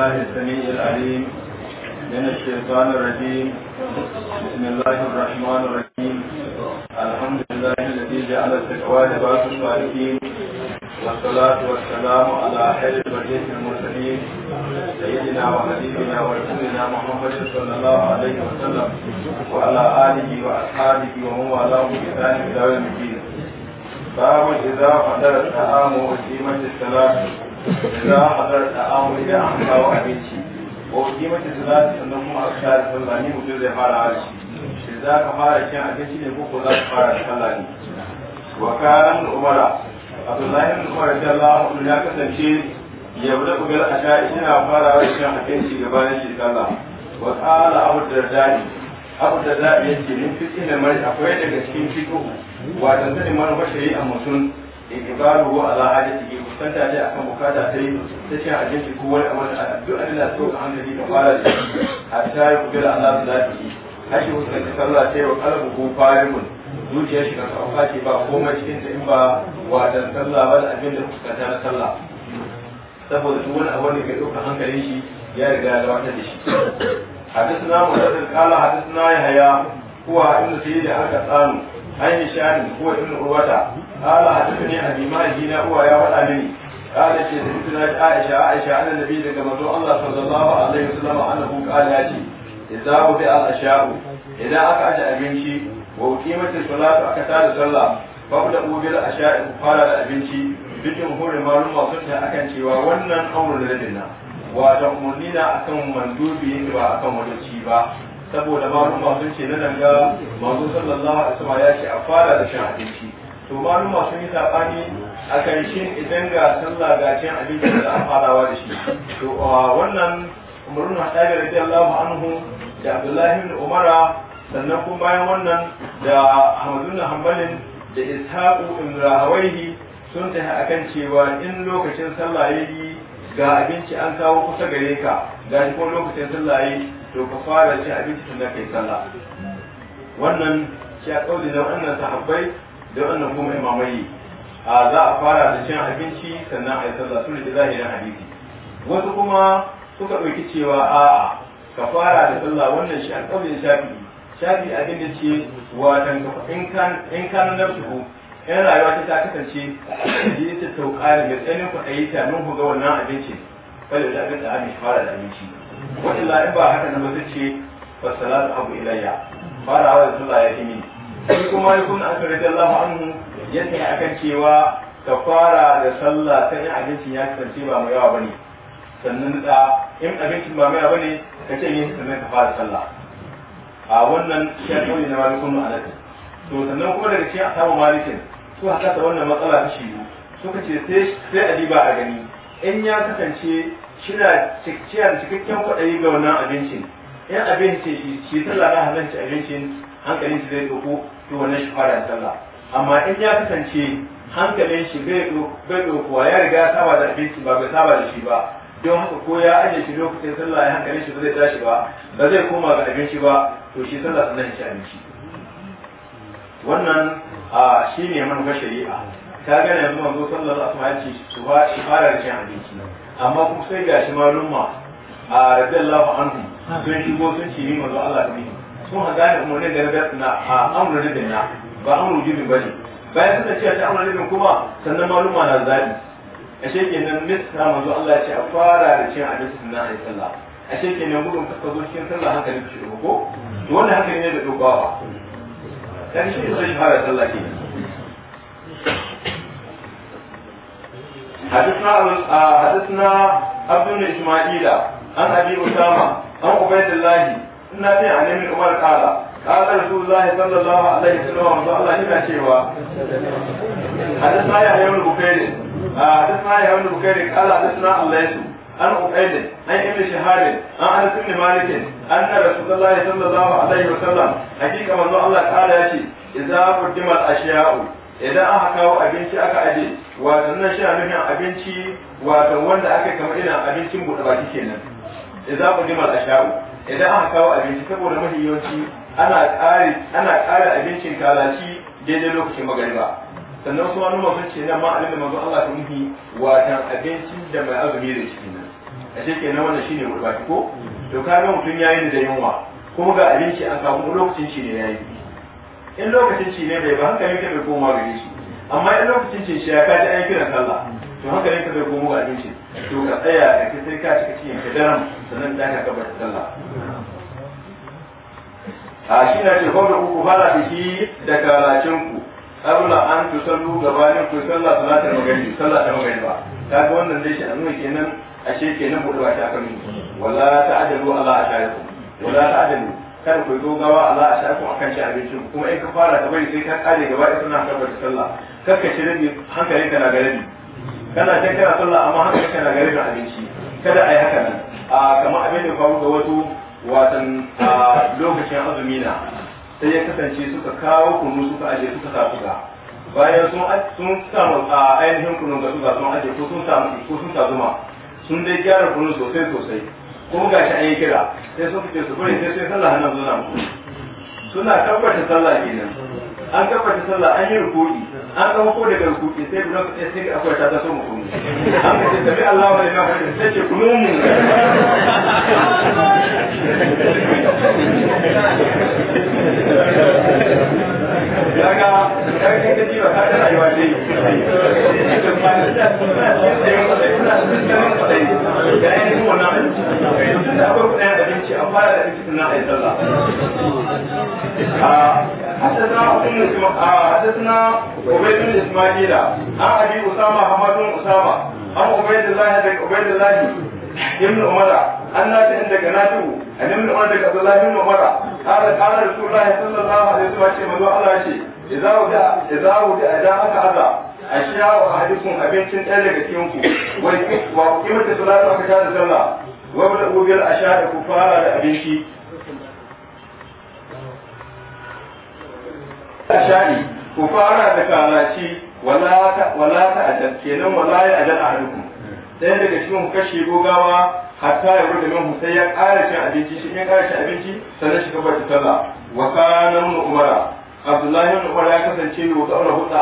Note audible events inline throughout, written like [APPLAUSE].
الله السميع العليم من الشيطان الرجيم بسم الله الرحمن الرحيم الحمد لله الذي جعل التقوى لباس الصالحين والصلاة والسلام على خير البرية المرسلين سيدنا وحبيبنا ورسولنا محمد صلى الله عليه وسلم وعلى آله وأصحابه ومن والاهم بإحسان إلى يوم الدين باب إذا حضر الطعام وقيمة الصلاة za a haɗa da amu idan an kawo abinci wa kimanta salati sannan kuma a kare sallah ne mutum zai fara harshe shi za ka fara cin abinci ne ko za ka fara sallah ne wa karan umara abdullahi bin umar radiyallahu anhu ya kasance ya bude ugal asha ina fara cin abinci gabanin shi sallah wa qala abu dardani abu dardani yace min fiqh da mai akwai daga cikin fiqh wa tanzali man bashari a mutum in iqbalu ala hajatihi kanta tare a kan bukata ta yi ta ce a jeji ko wani abu da duk abin da so a hankali da fara da shi a ta yi kubila Allah da ta yi haƙi wasu da sallah ta yi wa kalbu ko farimun zuciyar shi kan sauka ce ba komai cikin ta in ba wa da sallah ba da abin da fuskanta na sallah saboda duk wani abu da ke ɗaukar hankali shi ya riga da wata da shi حدثنا مرتد قال حدثنا يحيى هو da سيد القطان عن هشام هو ابن عروة قال حدثني عن إمامه هو يا والأمين قال سيدتنا عائشة عائشة عن النبي لك مدعو الله صلى الله عليه وسلم أنه قال ياتي إذا وضع الأشياء إذا أقعد أبنشي وقيمة الصلاة أكثر صلى فابدأوا بالأشياء قال لأبنشي بجمهور المعلومة صلى أكن شيوا ونن أمر لدينا وتأمرنا أكن مندوبين وأكن وجبشي saboda maluma sun ce nan ga manzo sallallahu alaihi wasallam ya ce a fara da shan abinci to maluma sun yi sabani a kan idan ga sallah ga cin abinci da an farawa da shi to wannan umrun hadabi radiyallahu anhu da abdullahi ibn umara sannan kuma bayan wannan da ahmadun hanbalin da ishaqu ibn rahawaihi sun ta akan cewa in lokacin sallah yayi ga abinci an kawo kusa gare ka ga kuma lokacin sallah yayi to ka fara ci abinci tun da kai sallah wannan shi a kauli da wannan sahabbai da wannan kuma imamai a za a fara da cin abinci sannan a yi sallah su da zahirin hadisi wasu kuma suka ɗauki cewa a'a ka fara da sallah wannan shi a kauli shafi shafi abin da ce watan in kan in kan yan rayuwa ta kasance ji ta tauka da mai tsanin ku ayyuka mun ku ga wannan abincin kada da abin da an fara da abinci wa in ba haka nan ba ce fa salatu abu ilayya fara wa sallah ya kimi sai kuma ya kun aka rage Allah anhu yadda ya akan cewa ka fara da sallah ta yin abincin ya kasance ba mai yawa ba ne sannan da in abincin ba mai yawa ba ne ka ce yin sannan ka fara sallah a wannan shi ya kauli na malikun ma'anati to sannan kuma daga cikin asabu malikin su haka ta wannan matsala ta shi suka ce sai a diba a gani in ya kasance kina cikciya da cikakken kwaɗayi ga wannan abincin yan abincin shi sallah na halarci abincin hankalin shi zai ɗauko to wannan shi fara sallah amma in ya kasance hankalin shi zai bai wa ya riga ya saba da abinci ba bai saba da shi ba don haka ko ya aje shi lokacin sallah ya hankalin shi ba zai tashi ba ba zai koma ga abinci ba to shi sallah sannan shi abinci wannan shi ne manufar shari'a ta gane yanzu manzo sallar asma ya ce su fara da cin abinci amma kuma sai ga shi malumma a radiyallahu anhu sun shigo sun ce yi manzo Allah ta bihi sun ha gane umarnin da na da na a amru ribin na ba amru ribin bane bayan suka ce ta amru ribin kuma sannan malumma na zaɓi zabi ashe kenan mista manzo Allah ya ce a fara da cin abinci na ayi sallah ashe kenan gudun ka zo cikin sallah hankalin ki ko to wannan hankali ne da dogawa dan shi sai fara sallah kenan حدثنا حدثنا عبد بن اسماعيل عن ابي اسامه عن عبيد الله ان ابي عن ابن عمر قال قال رسول الله صلى الله عليه وسلم وصلى الله الى شيوا حدثنا يحيى بن بكير حدثنا يحيى بن بكير قال حدثنا الليث عن عبيد عن ابن شهاب عن انس بن مالك ان رسول الله صلى الله عليه وسلم حقيقه من الله تعالى يشي اذا قدم الاشياء idan aka kawo abinci aka aje wato nan shi nufin abinci wato wanda aka kama irin abincin buɗe baki kenan idan ku jima da sha'u idan aka kawo abinci saboda mafi yawanci ana ƙari ana ƙara abincin kalaci daidai lokacin magariba sannan su wani masu ce nan ma da manzo Allah ta muhi watan abinci da mai azumi da shi nan a ce kenan wannan shine buɗe baki ko to kaga mutum yayi da yunwa kuma ga abinci an samu lokacin shi ne yi. in lokacin ci ne bai ba hankali ka bai koma gare shi amma in lokacin cin shi ya kaji an kiran sallah to hankali ka bai koma ga abinci to ka tsaya ka ci sai ka cika cikin ka daram sannan da ka kabar sallah a shi na ce hoda uku fara da shi da karacin ku abula an tusallu gabanin ku sallah salatul magani sallah ta magani ba kaga wannan dai shi an nuna kenan ashe kenan buɗe a ta kan wala ta'adalu ala asharikum wala ta'adalu kada ku zo gawa Allah a shafi kan shi abinci kuma in ka fara ka bari sai ka kare gaba ɗaya suna kafa da sallah kakka shi rabi hankali kana ga rabi kana ta, kana sallah amma hankali kana ga da abinci kada a yi haka nan a kamar abin da faru ga wasu watan lokacin azumi na sai ya kasance suka kawo kunu suka aje suka sa suka bayan sun sun samu ainihin kunun ga suka sun aje ko sun samu ko sun sa zuma sun dai gyara kunu sosai sosai kuma ga shi an yi kira sai sun fice su bari sai sai sallah na zuwa suna tabbata sallah kenan an tabbata sallah an yi rukuni an ga ko daga rukuni sai bu naka sai ga akwai ta ta so mu kuma an ga sai tabi Allah wa ya illa sai ce kuma mu Thank [LAUGHS] you. kaga kaga kai ji ba ka da rayuwa ce to ba da kuma da ya kwata kuma da kuma da kwata ya yi mu na mun da akwai kuma da abinci an fara da abinci na ai sallah حدثنا حدثنا عبيد بن اسماعيل عن ابي اسامه حماد بن اسامه عن عبيد الله بن عبيد الله ibn umara annabi inda nafi'u an ibn umara daga abdullahi ibn umara qala qala rasulullah sallallahu alaihi wasallam ce manzo Allah ce idza wada idza wada idan aka aza ashiya wa hadithun abincin ɗaya daga cikin ku wai wa kimanta salatu aka tada sallah wa bada ubil ashiya ku fara da abinci ku fara da kalaci wala ta wala ta ajal kenan wala ya ajal ahadukum ɗaya daga cikin kashe gogawa hatta ya gudu min sai ya ƙara cin abinci shi ya ƙara cin abinci sannan shi kafa sallah wa kana mun umara abdullahi ibn umar ya kasance yau da wani hudu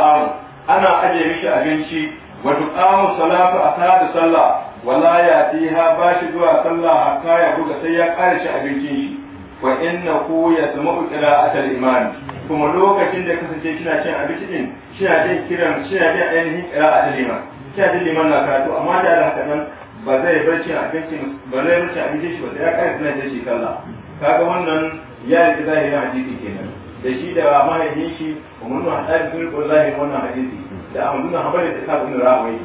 ana ajiye mishi abinci wa tuqamu salatu ata da sallah wala ya fiha ba shi zuwa sallah hatta ya gudu sai ya ƙara cin abincin shi wa innahu yasma'u qira'atal imam kuma lokacin da kasance kina cin abinci din kina jin kiran kina jin ainihin qira'atal imam sai da liman na karatu amma da haka nan ba zai barci a abinci ba zai barci a abinci shi ba sai ya kai sunan da shi sallah kaga wannan ya yi zahirin hadisi kenan da shi da mahaifin shi umar nuna hadari sun rikon zahirin wannan hadisi da amma nuna habarin da sa ibn rahawai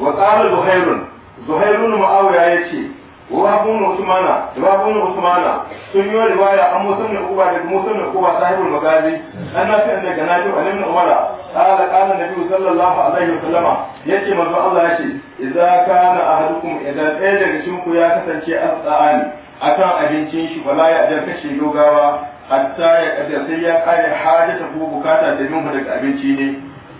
wa qala zuhairun zuhairun muawiya yace wa bunu usmana wa bunu usmana sunyo riwaya amma sunne kuba da musulmi kuba sahibul magazi anna ta inda ganaji wa lamna umara qala qala nabi sallallahu alaihi wasallam yace manzo Allah yace idza kana ahadukum idza tsaya daga cikin ya kasance a kan abincin shi wala ya da kashe dogawa hatta ya kada sai ya kare hajata ko bukata da yin daga abinci ne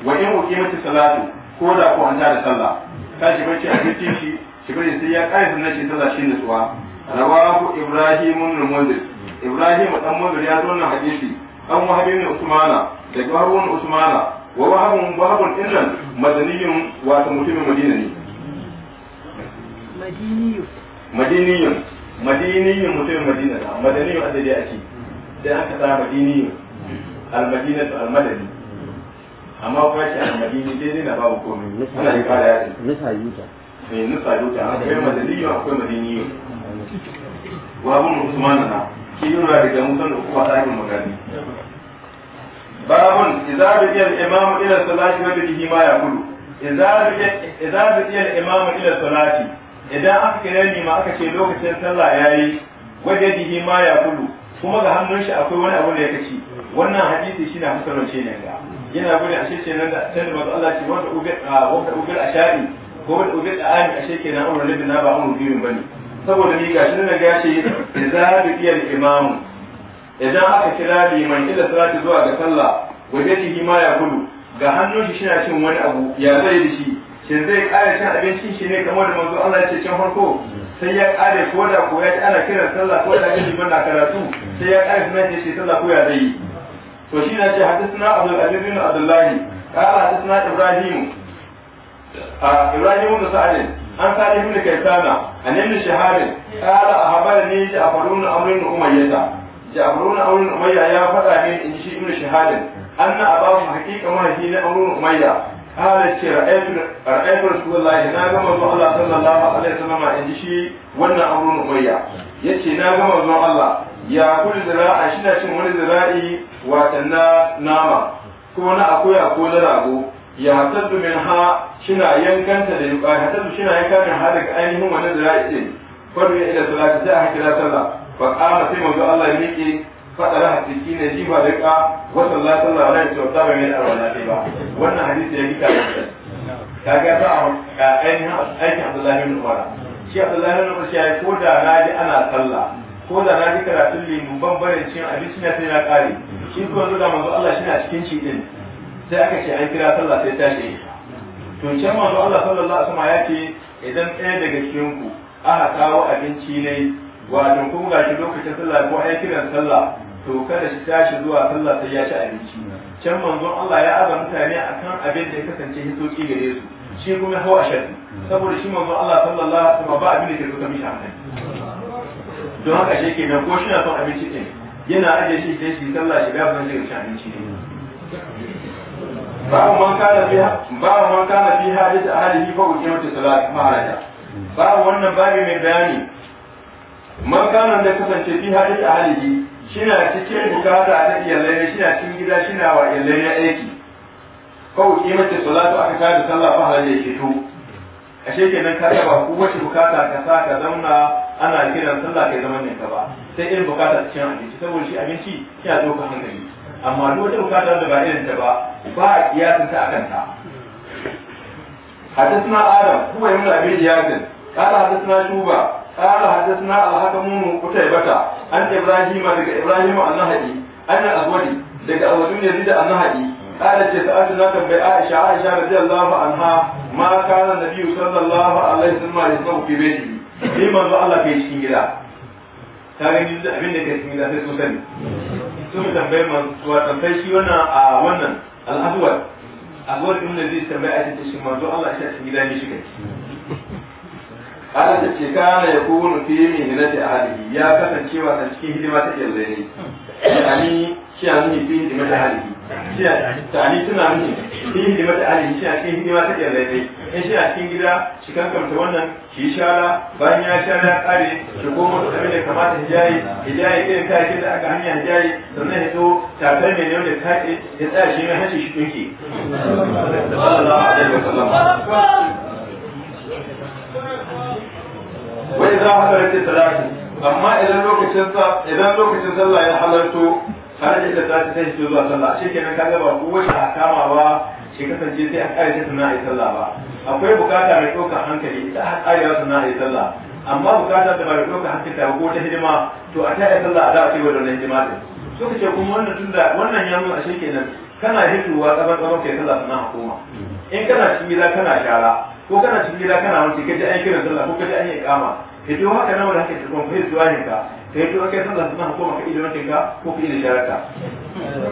wa in uqimati salatu ko da ko an da sallah kaji bace abincin shi shi bane sai ya kare sannan shi ta shi nutsuwa rawahu ibrahim ibn munzir ibrahim dan munzir ya zo nan hadisi an wahabi ibn usmana daga harun usmana wa wahabun wahabun illan madaniyun wato mutumin madina ne madaniyun Madiniyun madaniyun mutumin madina ne madaniyun adadi ake sai aka Al madaniyun al almadani amma kuma shi almadini daidai na babu komai ana yi fara yaɗi Eh, nufa duka akwai madaniyu akwai madaniyu wa abun usman na ki yura da gamu san ku fada yin magani babun idza rubiya al-imam ila salati wa bihi ma yaqulu idza rubiya idza rubiya ila salati idan aka kira ni ma aka ce lokacin sallah yayi waje bihi ma kudu kuma ga hannun shi akwai wani abu da ya ci wannan hadisi shi na musulunci ne ga yana gudu a shi ce nan da tanda mazu Allah ce wanda ubil a ah, shari ko da ubi da ali ashe kenan umar ne na ba umar ba bane saboda ni gashi nan ga shi idza bi iyal imam idan aka kira liman ila salati zuwa ga sallah wajhihi ma ya gudu. ga hannun shi shina cin wani abu ya zai da shi shin zai kare cin abincin shi ne kamar da manzo Allah ya ce can farko sai ya kare ko da ko ya ci ana kiran sallah ko da ya liman na karatu sai ya kare sunan ya ce sallah ko ya zai to shi na ce hadisna abdul aziz bin abdullahi قال حدثنا ابراهيم ibrahim ibn sa'd an sa'd ibn kaysana an ibn shahab qala ahbarni ja'farun amrun umayyah ja'farun amrun umayyah ya faɗa ne in shi ibn shahab anna abahu haqiqa ma hi na amrun umayyah qala shi ra'aytu ra'aytu rasulullahi na ga manzo allah sallallahu alaihi wasallam in shi wannan amrun umayyah yace na gama manzo allah ya kulli zira'a shi na cin wani zira'i wa na nama kuma na akuya ko na rago ya hasaddu min ha shina yankanta da yuka ya hasaddu shina yanka min ha daga ainihin wani zira'i din fadu ya ila salati sai a hakira sallah fa qala sai manzo Allah ya miƙe fadara hakiki ne jifa da ka wa sallallahu alaihi wa sallam ne arwana dai ba wannan hadisi ya kika da kaga ta ainihin aikin Abdullahi bin Umar shi Abdullahi bin Umar shi ya yi ko da na naji ana sallah ko da na ji karatun lemu ban barin cin abinci na sai na kare shi ko yanzu da manzo Allah shi na cikin ci ɗin. sai aka ce an kira sallah sai tashi to can manzo Allah sallallahu alaihi wasallam ya ce idan ɗaya daga cikin ku aka kawo abinci ne wato kun ga shi lokacin sallah ko ai kiran sallah to kada shi tashi zuwa sallah sai ya ci abinci can manzo Allah ya aza mutane akan abin da ya kasance hitoci gare su shi kuma hawa shaddi saboda shi manzo Allah sallallahu alaihi wasallam ba abin da ke zuka mishi hankali don haka shi ke nan ko shi na son abinci ɗin yana ajiye shi sai shi sallah shi ga ban zai ci abinci ne babu man kana fiha babu man kana fi hadith ahlihi fa ukiyatu salat wannan babu mai bayani man kana da kasance fi hadith ahlihi shina cikin bukata ta iyalai ne shina cikin gida shina wa iyalai na aiki fa ukiyatu salatu aka tada sallah ke to ashe kenan ka taba ko wace bukata ka sa ka zauna ana kiran sallah kai zaman ne ka ba sai irin bukata cikin abinci saboda shi abinci yana doka hankali amma duk wata bukata da ba irin ta ba Ku baha iyatanta a kanta. Harshen suna Adam, ku bai yi min abinci yakin. Kada harshen suna Shuba. Kada harshen suna alhakan mu mu kutare bata. An ta Ibrahim daga Ibrahim Al-Nahadi. An Daga Al-dunyazi da Al-Nahadi. Kada ke sa'adu na tambayi Aisha. Aisha na ziyar lafa annah. Kuma na kaza na ya sanya bai ni. Ni mantsu Allah ke cikin gida. Ta yi miji min abinda kai cikin gida sai sun kani. Su mu tambayi masu. Su shi wannan a wannan. al'abuwar abuwar ɗin da zai tambaya a cikin manzo Allah shi gida ne shiga ala ta ce ya kasancewa a cikin hidima hidima ta Tani suna nufin sun yi hidimar Ali shi a cikin hidima ta ɗan laifin in shi a cikin gida shi kankanta wannan shi shara bayan ya shara ya ƙare shi koma da abin da kamata hijayi hijayi irin kayakin da aka hanya hijayi sannan ya zo tafiyar mai nemi da kaɗe ya tsaya shi mai hanci shi ɗinki. wai za a halarci talaki amma idan lokacin sallah ya halarto kana da ta ta tashi zuwa sallah shi kenan kaga ba ku wani akama ba shi kasance sai a kare ta sana'a sallah ba akwai bukata mai ɗaukar hankali ita har kare ta sana'a sallah amma bukata ta ba da ɗaukar hankali ta ko ta hidima to a tare sallah a da a ce wa da wannan hidima din suka ce kuma wannan tunda wannan ya nuna shi kenan kana hituwa tsaban tsaban kai sallah sana'a koma in kana cikin gida kana shara ko kana cikin gida kana wuce kaje an kira sallah ko kaje an yi kama ka ji haka nan wanda haka ta kuma fahimci wani ka ka yi kai sallah sunan hukuma ka ilimin kinka ko ka ilimin sharaka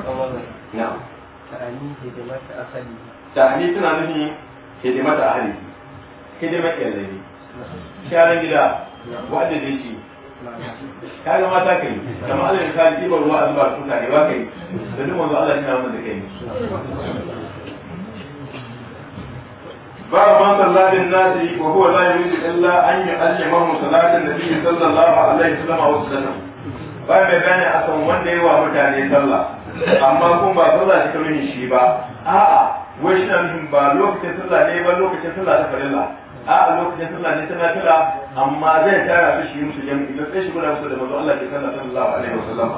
ka ta'ani hidimata asali ta'ani tana nufin hidimata ahli hidimar iyalai sharan gida wa'adda da shi ka ga mata kai kamar alal misali ibar ruwa azuba tuta ne ba kai da duk wanda Allah ya nuna mana kai باب من صلى للناس وهو لا يريد الا ان يعلمهم صلاه النبي صلى الله عليه وسلم او سلم bai mai a san wanda yi wa mutane sallah amma kun ba sallah shi kalmi shi ba a'a wai shi nan ba lokacin sallah ne ba lokacin sallah ta farilla a'a lokacin sallah ne ta nafila amma zai tara su shi musu jami'i sai shi guda musu da manzo Allah ke sallah sallallahu alaihi wasallam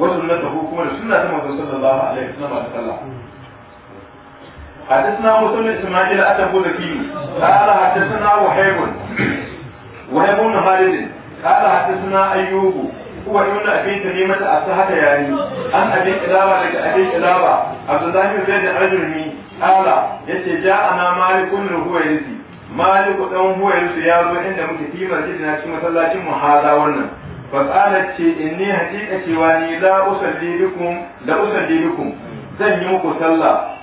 wasu kuma sallallahu alaihi sallah حدثنا مسلم اسماعيل اتبو ذكي قال حدثنا وهيب وهيب خالد قال حدثنا ايوب هو ابن ابي تميمه اصحاب يعني عن ابي كلابة لك ابي كلابة عبد الله بن زيد الرجلي قال يتي جاءنا مالك بن هو مالك بن هو يزي يا zo inda muke fi masjidina cikin محاذا ونن فقالت اني حقيقه واني لا أصلي بكم لا أصلي بكم zan yi muku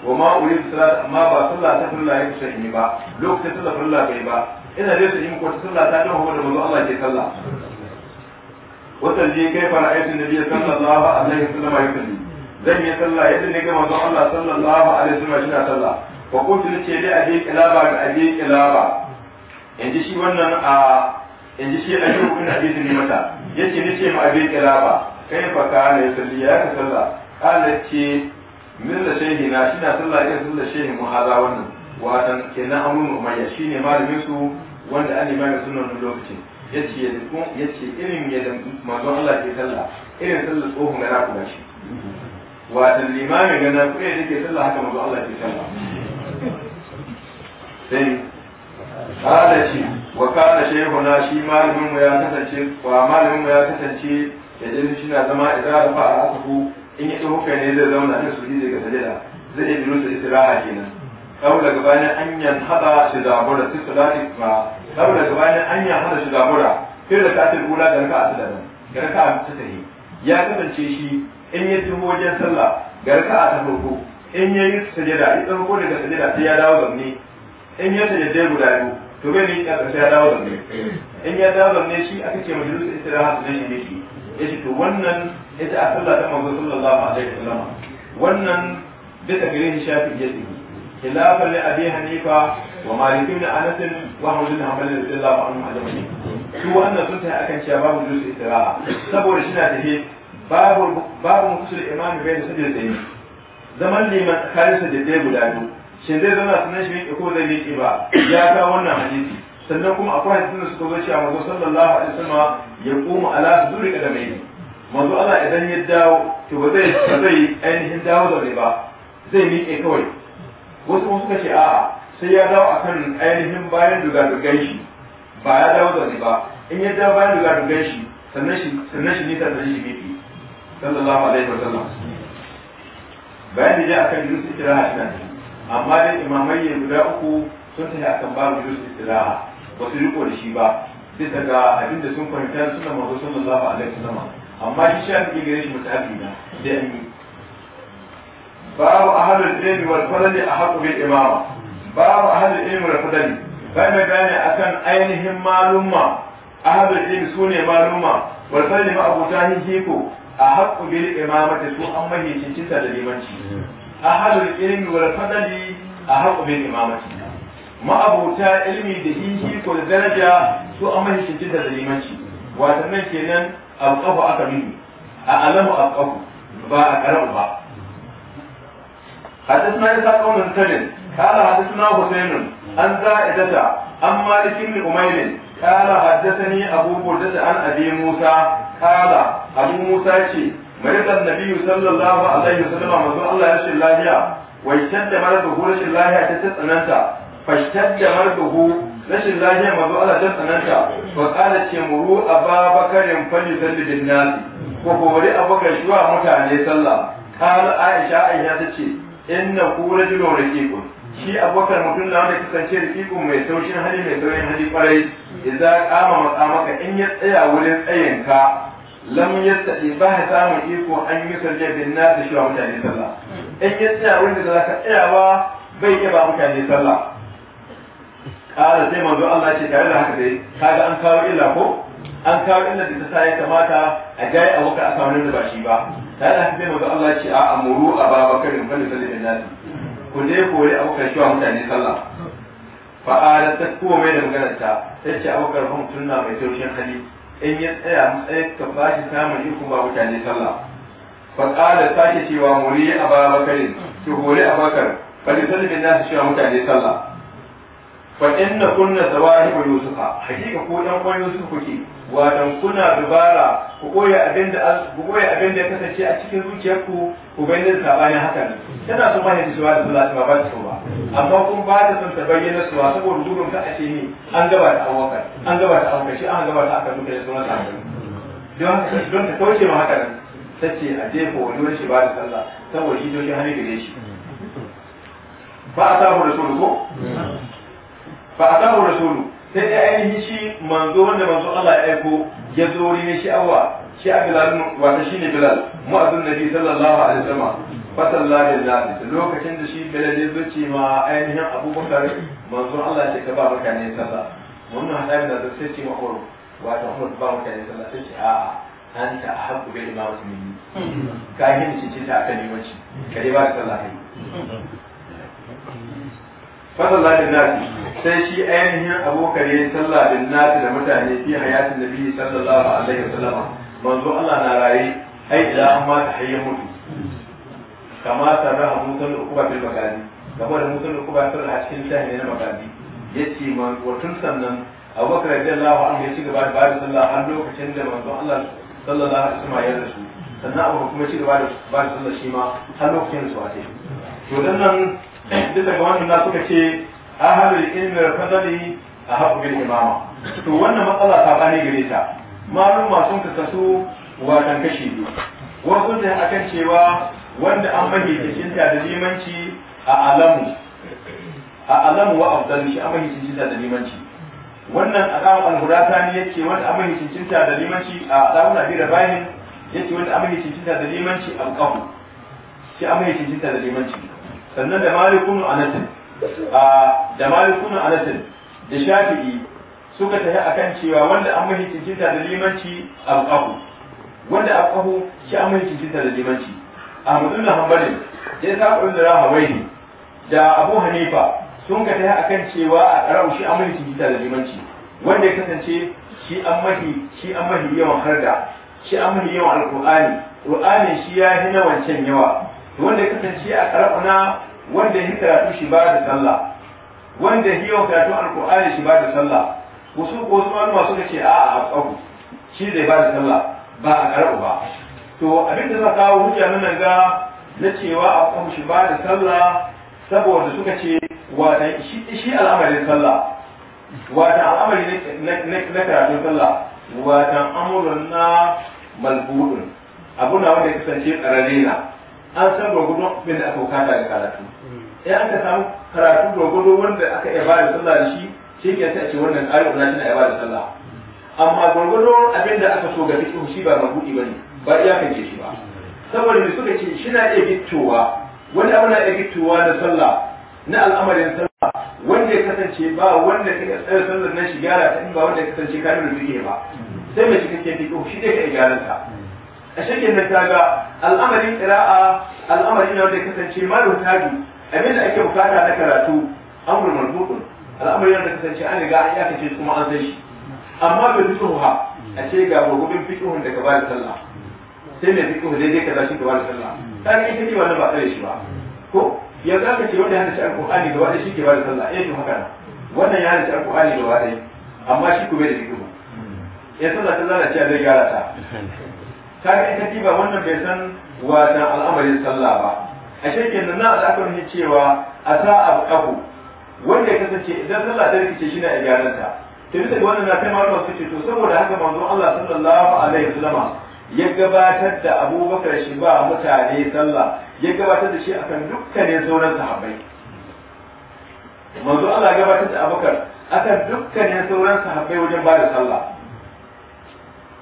wa ma uri uridu salat amma ba sallah ta fulla yake sai in ba lokacin sallah fulla bai ba ina da sai in ko sallah ta dawo da manzo Allah ke sallah wata ji kai fara aikin nabi sallallahu alaihi wasallam ya kulli zan yi sallah yadda ne ga manzo Allah sallallahu alaihi wasallam shi na sallah fa kuntu ce dai aje kilaba ga aje kilaba yanzu shi wannan a yanzu shi a yau ina bi ni mata yace ne ce ma aje kilaba kai fa kana ya salli ya ka sallah kana ce milla shehi na shi ina sallah irin sallah shehi mu haza wannan watan kenan amrun umayya shine malamin su wanda an imamin sunan lokacin yace ya dukun yace irin ya da manzon Allah ke sallah irin sallah tsohon gana ku gashi watan limamin gana ku ne yake sallah haka manzon Allah ke sallah sai kada shi wa kana na shi malamin mu ya kasance wa malamin mu ya kasance ya jin shi na zama idan a asahu in yi tsohuka ne zai zauna da su zai ga sajada zai yi nusa istiraha kenan saboda gabanin an anyan hada shi zabura su lati ma saboda gabanin an anyan hada shi zabura fiye da katin gula da raka'a ta daban ga a ta tahi ya kasance shi in ya taho wajen sallah ga a ta farko in ya yi sajada ya tsarko daga sajada sai ya dawo zamne in ya sajada guda biyu to bai ne ya dawo zamne in ya dawo zamne shi aka ce majalisar istiraha su zai yi yace to wannan ita a sallah ta manzo sallallahu alaihi wasallam wannan bisa gare shi shafi ya tsiki khilafan li abi hanifa wa malik ibn anas wa ibn hanbal radiyallahu anhu ajma'in akan cewa babu juz istiraha saboda shi na babu babu musul imam bai da dai zaman liman kare sajda dai guda biyu shin zai zama sunan shi ko zai yi ba ya wannan hadisi sannan kuma akwai hadisin da suka zo cewa manzo sallallahu alaihi wasallam ya koma ala zuri da mai manzo Allah idan ya dawo to ba zai ba zai ainihin dawo da ne ba zai miƙe kawai wasu kuma suka ce a'a sai ya dawo akan ainihin bayan dugadugan ganshi ba ya dawo da ne ba in ya dawo bayan dugadugan shi sannan shi sannan shi nisa da shi gefe sallallahu alaihi wa sallam bayan da ya akan jinsu istiraha nan amma dai imamai ne guda uku sun tafi akan babu jinsu istiraha ba su riko da shi ba bisa ga abin da sun fahimta suna mazo sallallahu alaihi wasallam amma shi shi ake gare shi mutabi na da an yi babu ahlul ilmi wal a ahqu bil imama babu ahlul ilmi wal fadli bai mai bayani akan ainihin malumma ahlul ilmi sune malumma wal fadli ma abuta hiko ahqu bil imamati su an mahicin da limanci ahlul ilmi wal a ahqu bil imamati ma abuta ilmi da hiko da daraja su an mashi shirkin da limanci wasannan kenan alƙafu aka mini a alamu alƙafu ba a ƙarar ba hadis na ya saƙa wani sanin kala hadis na husainun an za a dasa an maliki ni umairin kala hadis ni abubuwar dasa an abi musa kala abu musa ce maritar nabiyu sallallahu alaihi wasallam mazu allah ya shi lahiya wai shadda mara da hulashin lahiya ta tsananta fashtadda mara da hulashin rashin lafiya manzo Allah ta tsananta ba qala ce muru ababakarin babakarin salli bin nasi ko ko bari abakar shi wa mutane sallah qala aisha aisha ta ce inna ku rajulun raqiqun shi abokan mutum da wanda kasance raqiqun mai taushin hali mai taurin hali kwarai idza qama maqamaka in ya tsaya wurin tsayinka lam in ba ya samu iko an yi sarjiya bin nasi shi mutane sallah in ya tsaya wurin da zaka tsaya ba bai iya ba mutane sallah Ƙara sai manzo Allah ce tare da haka dai kaga an kawo illa ko an kawo illa da ta ya kamata a jaye a waka a kawo da ba shi ba tare da haka sai manzo Allah ce a amuru a baba karin kan sallah da nasi ku ne kore a waka shi wa mutane sallah fa ala ta ko mai da magana ta tace ce a waka rahon tunna mai taushin hali in ya tsaya matsayin ka ba shi samun iko ba mutane sallah fa ta ce cewa muri a baba karin ki hore a bakar fa da sallah da nasi shi wa mutane sallah fa كنا kunna يوسف yusufa hakika ko dan يوسف yusuf kuke كنا kuna dubara ku koya abin ya kasance a cikin zuciyarku ku bayyana haka hakan tana so ma yadda zuwa da Allah ta ba ta ba amma kun ba da sun ta bayyana su saboda gudun ka a ni an gaba da awakar an gaba da awakar shi an gaba da don don ta kauce ma hakan ta ce a jefa wani shi ba da sallah saboda shi dokin hannu gare shi ba a samu da ko fa adahu rasulu sai dai ainihin shi manzo wanda manzo Allah ya aiko ya zo ne shi awa shi a bilal wata shi ne bilal mu'azzin nabi sallallahu alaihi wasallam fa sallallahu alaihi lokacin da shi bilal ya zuci ma ainihin abubakar manzo Allah ya ka ba ne, sallah wannan hadari da sai ce ma wata wato ba ba ne sallah sai ce a'a anta ahabbu bil imamati minni ka yi ni cince ta akan limanci kare ba sallah kai fasalla bin nasi sai shi ainihin abokan ya sallah bin nasi da mutane fi hayatin nabi sallallahu alaihi wasallama manzo Allah na raye ai idan an mata hayyan mutu kama sarraha musul ukuba bil magadi kamar musul ukuba sarraha a cikin shahin na magadi yace man watun sannan abubakar radiyallahu anhu ya ci gaba da bada sallah har lokacin da manzo Allah sallallahu alaihi wasallam ya rasu sannan abu kuma ci gaba da bada sallah shi ma har lokacin da su a to dan nan bisa ga wannan na suka ce ahalul ilmi fadali a haɓu bil imama to wannan matsala ta bani gare ta malum ma sun kasasu wa dan kashi biyu wasu da akan cewa wanda an mahi cikin ta da limanci a alamu a alamu wa afdal shi an mahi cikin ta da limanci wannan adam al-huratani yace wanda an mahi cikin ta da limanci a dawuna bi rabahin yace wanda an mahi cikin ta da limanci a qahu shi an mahi cikin ta da limanci sannan da malikun anasin da malikun anasin da shafi'i suka tafi akan cewa wanda an mahi cincinta da limanci abu wanda abu shi an mahi cincinta da limanci ahmadu na hanbalin da ya sa'u da rahawaini da abu hanifa sun ka tafi akan cewa a ƙarau shi an mahi cincinta da limanci wanda ya kasance shi an mahi shi an mahi yawan harda shi an mahi yawan alƙur'ani ƙur'ani shi ya hina wancan yawa wanda ya kasance a karafuna wanda ya karatu shi ba da sallah wanda ya yawan karatu alkur'ani shi ba da sallah wasu ko wasu malama suka ce a a tsawo shi zai ba da sallah ba a karabu ba to abin da za kawo hujja nan ga na cewa a kuma shi ba da sallah saboda suka ce wata shi al'amarin sallah wata al'amari na karatun sallah wata amurin na malbudun abu na wanda ya kasance tsararre an san gwargwado abin da aka bukata da karatu Ya aka samu karatu gwargwado wanda aka iya bada sallah da shi shi ke sai a ce wannan ƙarin na shi yaba iya bada sallah amma gwargwado abin da aka so ga fiƙi shi ba bane ba iya ba shi ba saboda mai suka ce shi na iya gittowa wani abu na iya gittowa na sallah na al'amarin sallah wanda ya kasance ba wanda ya tsaya sallar na shi gyara ta in ba wanda ya kasance kanin da ba sai mai shi kake fiƙi shi dai ka iya gyaran a shirya da ta ga al'amarin ƙira'a al'amari ne wanda ya kasance malu tabi abin da ake bukata na karatu amrul manzuqun al'amari ne wanda kasance an riga an yakace kuma an san shi amma bai fito ha a ce ga gurgubin fiqhun da gaba da sallah sai mai fiqhu daidai kaza shi gaba da sallah kan ita ce wannan ba tsare shi ba ko yanzu aka ce wanda ya shi alqur'ani gaba da shi ke da sallah eh to haka wannan ya shi alqur'ani gaba da amma shi kuma da fiqhu ya sallah ta lalace da gyara ta kaga ita kati ba wannan bai san wata al'amarin sallah ba a shekin nan na al'akar ne cewa a sa abu wanda ya kasance idan sallah ta rikice shi na igaranta ta bisa wannan na kai malama su ce to saboda haka manzo Allah sallallahu alaihi wasallama ya gabatar da abubakar shi ba mutane sallah ya gabatar da shi akan dukkanin sauran sahabbai manzo Allah ya gabatar da abubakar akan dukkanin sauran sahabbai wajen ba da sallah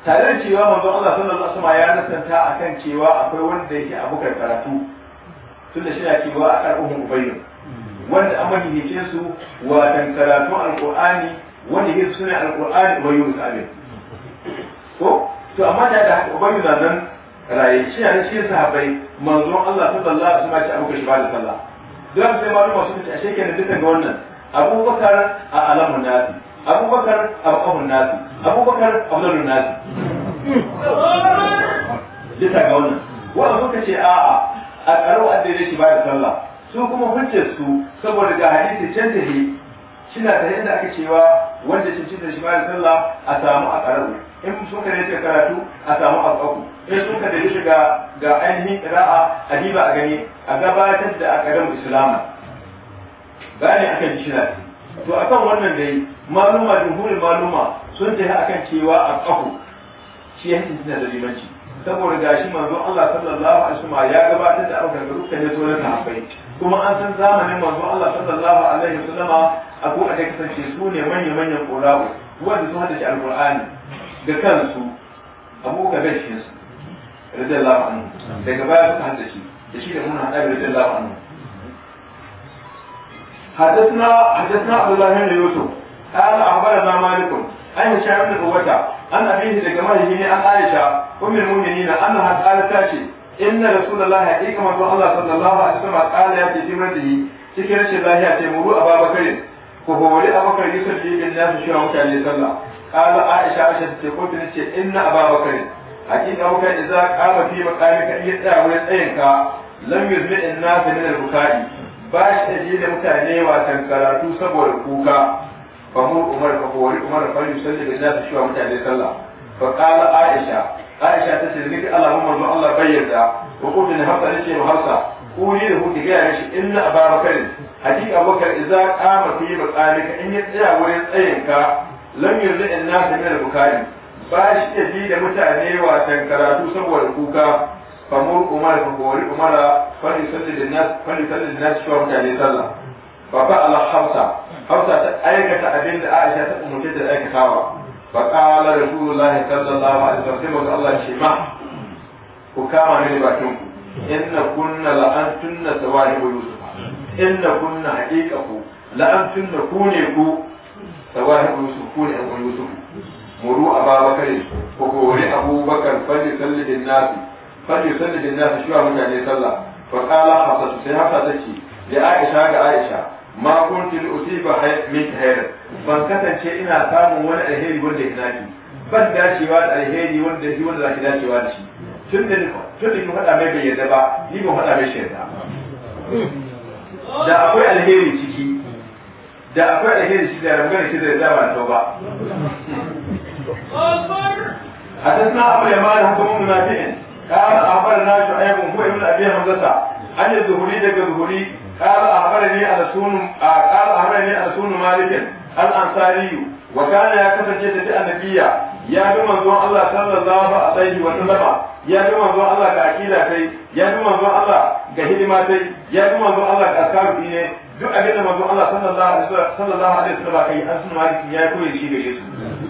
tare da cewa manzon Allah sallallahu alaihi wasallam ya nasanta akan cewa akwai wanda yake abu karatu tunda shi na cewa a karɓar ubayyu wanda an mahimmice su watan karatun alqur'ani wanda yake suna alƙur'ani ubayyu musabin ko to amma da da ubayyu da nan raye shi ne shi sahabbai manzon Allah sallallahu alaihi wasallam ya abu ba da sallah don sai malama sun ce ashe kenan dukkan ga wannan abubakar a alamun nafi abubakar abubakar nazi abubakar abdullu nazi bisa ga wannan wanda suka ce a'a a karo an daidai shi ba da sallah su kuma hujjar su saboda ga hadisi can tahi shina ta yadda aka cewa wanda shi cinta shi ba da sallah a samu a karo in sun ka daidai karatu a samu a tsaku in sun ka daidai ga ga ainihin a diba a gani a gabatar da Islam. islama gane akan shi to akan wannan dai maluma jumhurin maluma sun a kan cewa a ƙaho shi ya hinta da limanci saboda gashi manzon Allah sallallahu alaihi wasallam ya gabatar da aure ga dukkan ya tsoron sahabbai kuma an san zamanin manzon Allah sallallahu alaihi wasallam a ko da kasance su ne manyan manyan qura'u wanda sun hada shi alqur'ani da kansu abu ka gashin su radiyallahu anhu daga baya suka hada shi da shi da mun hada radiyallahu anhu حدثنا حدثنا عبد الله بن يوسف قال أخبرنا مالك أن هشام بن قوة أن أبيه لجماله عن عائشة أم المؤمنين أنها قالت تاشي إن رسول الله حقيقة من الله صلى الله عليه وسلم قال يأتي في مرته cikin rashin lafiya ce muru a babakarin ko hori abakar yusuf yi bin nasu shi mutane sallah kala aisha aisha ta kotu ne ce inna ababakarin hakika abakar idza qama fi maqamika iya tsaya wurin tsayin ka lam yuzmi in nasu min ba shi mutane watan karatu saboda kuka فمر عمر فقول عمر فليصلي بالناس شو متى صلى فقال عائشة عائشة تسلمك اللهم ارضى الله بيدا وقلت ان هبت نشي وهرسا قولي له تبيع نشي ان ابا بكر حديث ابو بكر اذا قام في مقالك ان يتسع ويتسعك لم يرضي الناس من البكاء باش يجي da mutane wasan karatu saboda kuka famur umar fa gori umara fa yusalli lin nas fa yusalli lin nas shi wa mutane sallah fa ba al khamsa Hausa ta aikata abin da aisha ta umarce ta aikatawa fa qala lahi sallallahu alaihi wasallam Allah shi ma ku kama mini bakin ku inna kunna la'antunna sawahi wa yusuf inna kunna haƙiƙa ku la'antunna ku ne ku sawahi wa yusuf ku ne ku yusuf muru ababakar ku kori abubakar fali sallidin nasi fali sallidin nasi shi wa mutane sallah fa qala hafsa sai hafsa ce li aisha ga aisha ma kunti li usiba min khairin ban kasance ina samun wani alheri wanda ya dace ban dacewa da alheri wanda shi wanda zaki dacewa da shi Tunda ni tun da kin faɗa mai bai yarda ba ni ba faɗa mai shi da akwai alheri ciki da akwai alheri ciki da rabu ne shi da yarda ba to ba حدثنا أبو اليمان حكم منافع قال أخبرنا شعيب هو ابن أبي حمزة عن الزهري دك الزهري قال أخبرني أنسون قال أخبرني أنسون مالك الأنصاري وكان يكتب جدد النبي يا bi manzon Allah sallallahu alaihi wa sallama ya bi manzon Allah ga akida kai ya bi manzon Allah ga hidima kai ya bi manzon Allah ga askaru ne duk abin da manzon Allah sallallahu alaihi wa sallama kai an ya shi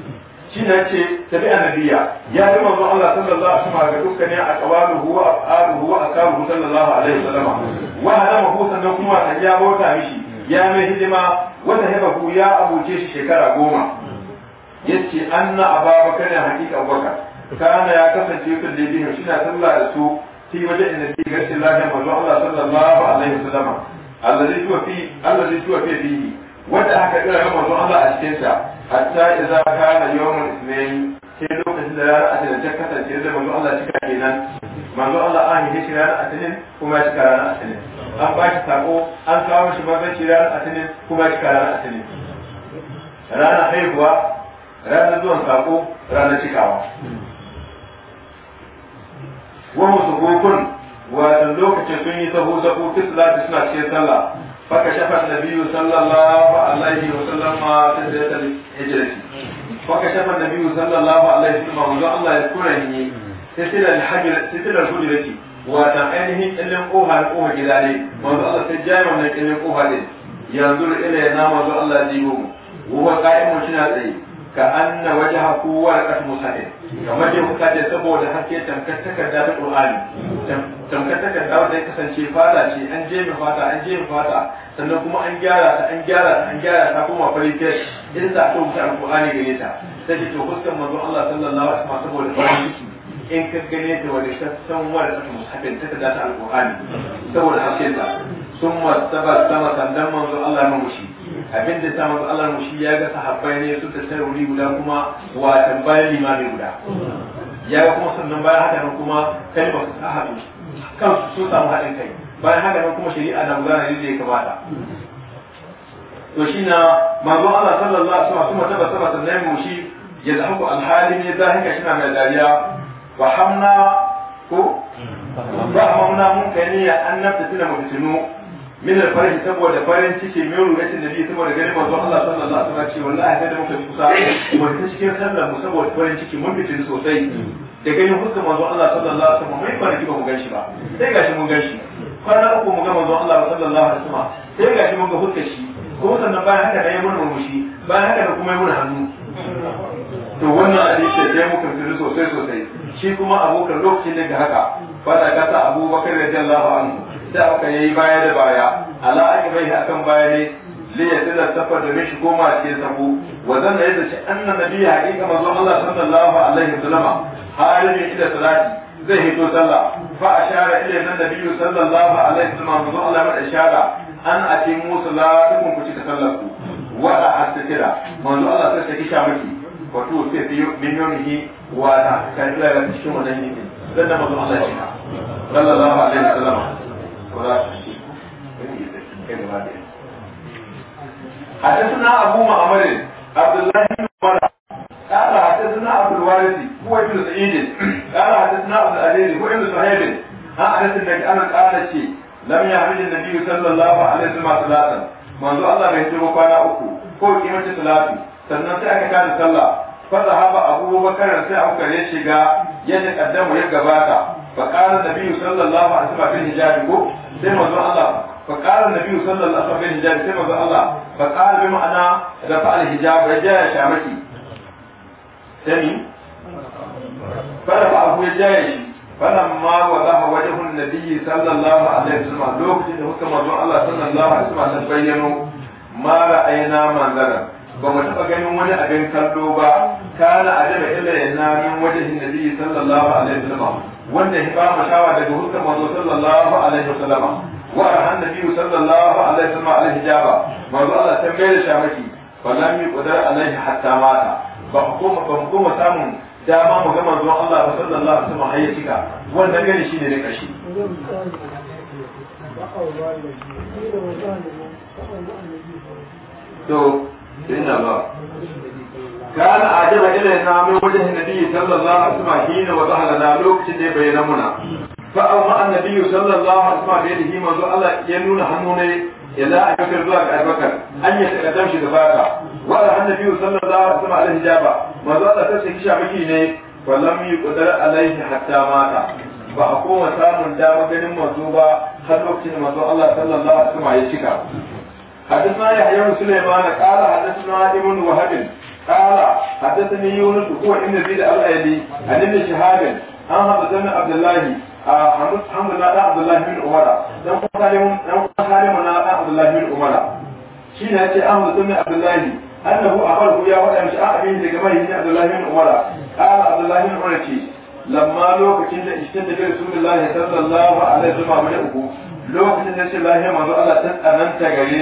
shi ne ce tabi annabiya ya yi manzo Allah sallallahu alaihi wasallam ga dukkanin aqwaluhu huwa af'aluhu wa akaruhu sallallahu alaihi wasallam wa hadama hu sannan kuma ta ya bauta mishi ya mai hidima wata wa tahibahu ya abuce shi shekara goma yace anna ababakar ya hakika abubakar kana ya kasance yutun libihin shi na sallah da su fi wajen annabi garshin lafiya manzo Allah sallallahu alaihi wasallam allazi tuwa fi allazi tuwa fi wanda aka kira manzo Allah a sa hatta idza kana yawmul ithnin sai lokacin da ranar asirin ta kasance da manzo Allah cika kenan manzo Allah an yi shi ranar asirin kuma cika ranar asirin an ba shi sako an kawo shi mabanci ranar asirin kuma cika ranar asirin ranar haihuwa ranar zuwan sako ranar cikawa wa musukukun wa lokacin sun yi sahu sahu tisla suna cikin sallah فكشف النبي صلى الله عليه وسلم سدرة الهجرة فكشف النبي صلى الله عليه وسلم وزع الله يذكرني ستر الحجر ستر الهجرة وأنا أنهم إلهم أوها الأوها إلى وزع الله سجاني ومن إلهم أوها لي ينظر إلينا وزع الله يجيبهم وهو قائم وشنا ka anna wajaha kowa da kasu musahib kamar da muka ce saboda haske tamkar takarda ta Qur'ani tamkar takarda wanda ya kasance fata ce an je mai fata an je mai fata sannan kuma an gyara ta an gyara ta an gyara ta kuma fari ta idan za a ta rubuta Qur'ani gare ta sai ce to fuskar manzon Allah sallallahu alaihi wasallam saboda farin ciki in ka gane ta wani sassan wanda ta mushafin takarda ta Qur'ani saboda haske ta summa sabat sama sandan manzon Allah ya mamushi abin da samun Allah mu shi ya ga sahabbai ne su tattara wuri guda kuma wa tambayar limami guda ya ga kuma sannan bayan haka nan kuma kalmar su sahabi kansu sun samu haɗin kai bayan haka nan kuma shari'a na gudana yadda ya kamata to shi na manzon Allah sallallahu alaihi wasallam kuma ta taba sannan mu shi ya zahabu alhalin ya zahika shi na mai dariya wa hamna ko ba hamna mun kai ne annabta tuna mutunu min alfarhi saboda farin ciki min ruwatin nabi saboda ganin manzon Allah sallallahu alaihi wasallam cewa wallahi sai da muka kusa mu ta cikin sallah mu saboda farin ciki mun fitin sosai da ganin fuskar manzon Allah sallallahu alaihi wasallam mai farin ciki ba mu ganshi ba sai gashi mun ganshi kwana uku mu ga manzon Allah sallallahu alaihi wasallam sai gashi mun ga fuskar shi kuma sannan bayan haka da ya mun murmushi bayan haka da kuma ya mun hannu to wannan hadisi sai muka fitin sosai sosai shi kuma abokan lokacin da haka fada kasa abubakar radiyallahu anhu da aka yi baya da baya ala aka bai akan baya ne zai ya tsira safa da shi goma ce sabu wa zanna yadda shi anna nabiyya haqiqa manzon Allah sallallahu alaihi wasallama halin ila salati zai hito sallah fa ashara ila nan biyu sallallahu alaihi wasallama manzon Allah ya ishara an atimu salatukum ku cika sallar ku wa la astatira manzon Allah sai ta kisha miki wato sai fi min yomihi wa ta kai da cikin wannan yini dan da manzon Allah sallallahu alaihi wasallama حدثنا أبو معمر عبد الله بن عمر قال حدثنا عبد الوارث هو ابن سعيد قال حدثنا عبد العزيز هو ابن صهيب ها أنس النبي أنا قال شيء لم يعمل النبي صلى الله عليه وسلم ثلاثا منذ الله بيتم كان أكو ko kimanta salati sannan sai aka kada sallah fa zahaba Abu Bakar sai Abu Bakar ya shiga yadda kaddamu ya gabata fa qala nabiyyu sallallahu alaihi wasallam fil hijabi ko sai manzo Allah fa qala nabi sallallahu alaihi wasallam hijab sai manzo Allah fa qala bi ma'ana da fa al hijab raja ya shamaki sani fara fa abu ya shi falamma wadaha wajhu nabi sallallahu alaihi wasallam lokacin da hukumar Allah sallallahu alaihi wasallam bayyano ma ra'ayna manzara ba mu taɓa ganin wani abin kallo ba kana adaba illa yana min wajen nabi sallallahu alaihi wasallam wanda ya ba shawa daga hukkan manzo sallallahu alaihi wasallam wa arhan nabiyyu sallallahu alaihi wasallam alaihi hijaba manzo Allah ta mai da shamaki falam yuqdar alaihi hatta mata ba hukuma ba hukuma samun dama mu ga manzo Allah sallallahu alaihi wasallam hayya cika wanda gani shi ne kashi to ina ba كان أعجب إلينا من وجه النبي صلى الله عليه وسلم حين وضح لنا لوك تدي بينمنا فأومأ النبي صلى الله عليه وسلم بيده منذ الله ينون حنوني إلا أن يكر الله أبي بكر أن يتقدمش دفاقا وقال النبي صلى الله عليه وسلم على الهجابة منذ الله تسكي شعبكيني ولم يقدر عليه حتى مات ba a koma samun dama ganin manzo ba har lokacin da manzo Allah sallallahu alaihi wasallam ya cika حدثنا يحيى بن سليمان قال حدثنا ابن وهب قال حدثني يونس هو ابن زيد الايلي عن ابن شهاب عن حمزه بن عبد الله حمزه بن عبد الله بن عمر دم سالم دم سالم بن عبد الله بن عمر شيء ياتي حمزه بن عبد الله انه اخبره يا ولد مش اعلم لك اللي هي عبد الله بن عمر قال عبد الله بن عمر lamma lokacin da istin da bai sunan lahi sallallahu alaihi wasallam ne uku lokacin da shi lahi manzo Allah ta tsananta gare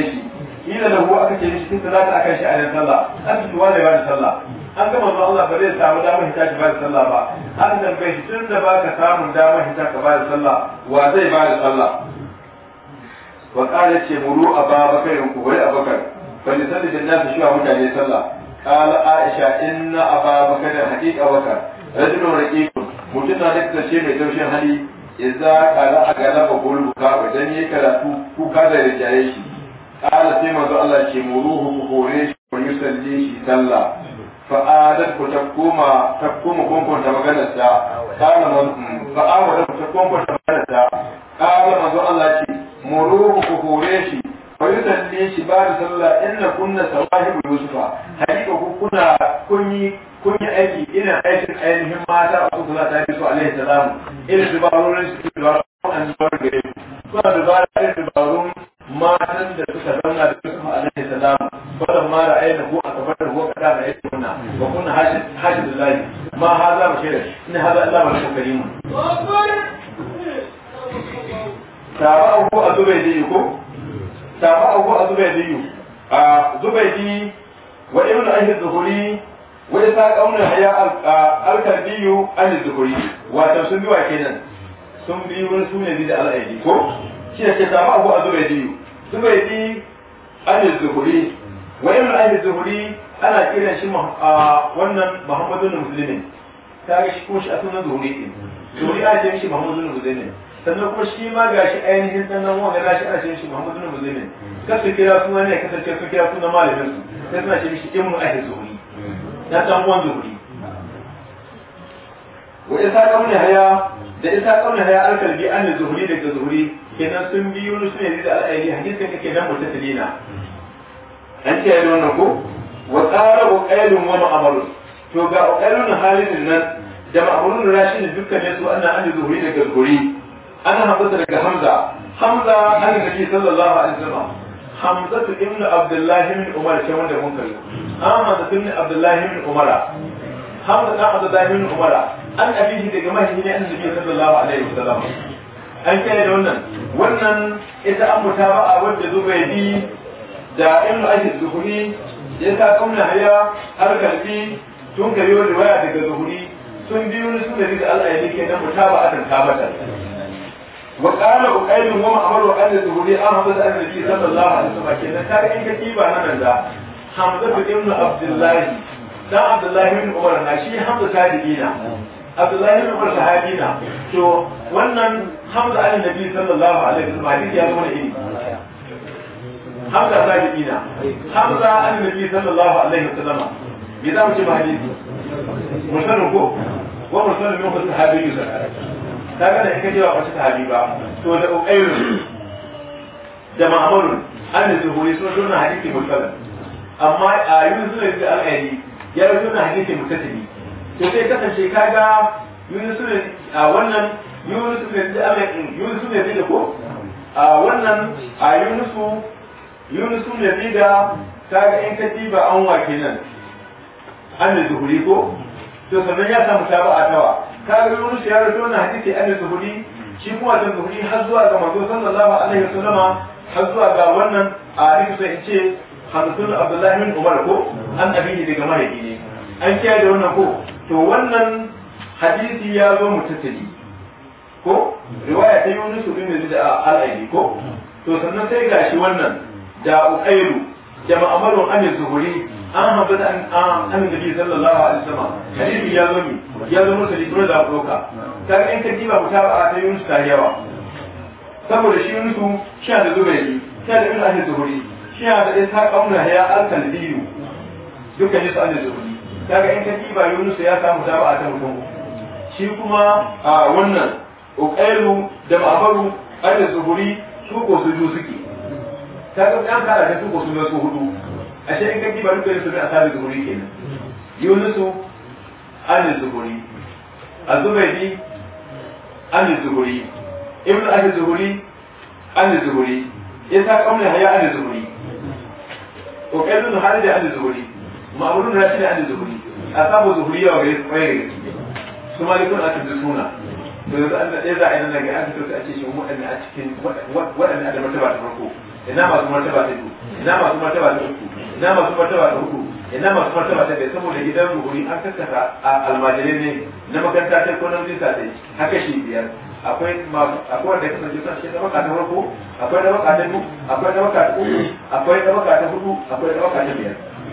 kila lahu aka ce shi tunda zaka aka shi a ran sallah an ci wanda ya da sallah an gama manzo Allah ba zai samu damar hita ki bada sallah ba an tambaye shi tunda ka samu damar hita ka bada sallah wa zai bada sallah wa qala ce muru ababakar ku wai a Bakar. ni salli da nasu shi mutane sallah qala aisha inna ababakar haqiqa bakar rajulun raqiqun mutum na da ce mai taushin hali idza kala a galaba gulu ka idan yayi karatu kuka da rijaye shi قال سيما الله كي مروه كوريش ويسلي شي سلا فآدت تقوما تقوما كونكم تمغنسا قال من فآدت تقوما تمغنسا قال من الله كي مروه كوريش ويسلي شي بعد سلا إن كنا سواهب يوسف حقيقة كنا كني kun yi aiki irin aikin ainihin mata a kusa ta yi su alaihi salamu irin dabarorin su dabarun an zubar gare su suna dabarun matan da suka zauna da Yusuf alaihi salam falan ma ra'ayna hu akbar hu kada ra'ayna wa kunna hajjullahi ma za mu hadha bashir mu hadha Allah bashir karim tabahu azubaydi ko tabahu azubaydi a zubaydi wa ibnu ahli zuhuri wa isa qauna haya al-kalbiyu an zuhuri wato sun biwa kenan sun biyu wani sune da al ko shi ne ke tabahu azubaydi sumaidi an zuhuri wa ibn an zuhuri ana kiran shi wannan na musulmi ta ga shi kunshi a sunan zuhuri ɗin zuhuri ana kiran shi na musulmi sannan kuma shi ma ga shi ainihin sannan wani ya shi ana kiran shi musulmi muslimin su kira suna ne kasance su kira suna malamin su sai suna ce shi ibn ahli zuhuri na dan zuhuri wa isa kauna haya da isa kauna haya alkalbi an zuhuri daga zuhuri kenan sun bi yunus ne da al'ayi hadisin kake dan mutasilina an ce yayin nan ko wa qala uqailun wa ma'marun to ga uqailun halin nan da ma'marun rashid dukkan su anna an zuhuri daga zuhuri an hamza daga hamza hamza an nabi sallallahu alaihi wasallam hamza ibn abdullah ibn umar ce da mun kallo amma da ibn abdullah ibn umara hamza ta hamza da ibn umara an abihi daga mahimmi ne annabi sallallahu alaihi wasallam an kai da wannan wannan ita an mutaba'a wanda zubaydi da ibn ajiz zuhuri ya ta kamna haya har kalbi tun gari wani waya daga zuhuri sun biyu ni sun gari da Allah ya dake nan mutaba'a kan tabata wa qala uqail wa ma'mar wa qala zuhuri an hamza da annabi sallallahu alaihi wasallam kenan kaga in katiba nan da hamza ibn abdullahi dan Abdullahi bin Umar na shi Hamza Abdullahi bin Umar to wannan Hamza Nabi sallallahu alaihi wasallam hadisi ya zama Hamza Hamza Nabi sallallahu alaihi wasallam me za mu ce ba hadisi musallu ko wa musallu sahabi da kake cewa wace sahabi ba to da ukairu da ma'amarun an hadisi amma a yunus ne da al'ayi ya rabu na hadisi mutasili to sai kasance kaga Yunus ne a wannan Yunus ne da amin eh, Yunus ne da ko a wannan a Yunus Yunus ne da kaga in ka tiba an wa nan an da zuhuri ko to sannan ya samu a tawa kaga Yunus ya rabu na hadisi an da zuhuri shi kuma da zuhuri har zuwa ga manzo sallallahu alaihi wasallama har zuwa ga wannan a rikisa ce hamsun abdullahi bin umar ko an abin daga mahaifi ne an kiyaye da wannan ko to wannan hadisi ya zo mu tattali ko riwaya ta Yunus bin Yazid al al'adi ko to sannan sai gashi wannan da ukairu da ma'amaru Amir Zuhuri an haɓar an biyu sallallahu alaihi wasallam hadisi ya zo ni ya zo mutasili kuma da ta ga in ka diba mu ta Yunus ta yawa saboda shi Yunus shi da Zubairi shi da Ibn Abi Zuhuri shi da ɗaya, ta Yahya al biyu. duka ne su an zuhuri daga in ka tiba yunus ya samu a ta mutum shi kuma a wannan ukailu da babaru an zuhuri su ko su ju suke kaga an kara da su ko su ne su hudu ashe in ka ba duka ne su ne a sabi zuhuri kenan yunus an a azubaidi an zuhuri ibnu abi zuhuri an ya isa kamne haya an zuhuri ukailu hali da an zuhuri ma'amulun na shi ne an zuhuri a samu zuhuri yawa gare su kwaye gare su malikun a cikin suna to yanzu an ɗaya za a yi nan ga a ce shi waɗanda a cikin waɗanda farko ina masu martaba ta biyu ina masu martaba ta uku ina masu martaba ta hudu ina masu martaba ta biyar saboda gidan ruhuri an kakkasa a almajirai ne na makaranta ta ko na wajen sa haka shi biyar akwai masu akwai wanda ya kasance suna cikin ɗabaka ta farko akwai ɗabaka ta biyu akwai ɗabaka ta ta hudu akwai ɗabaka ta biyar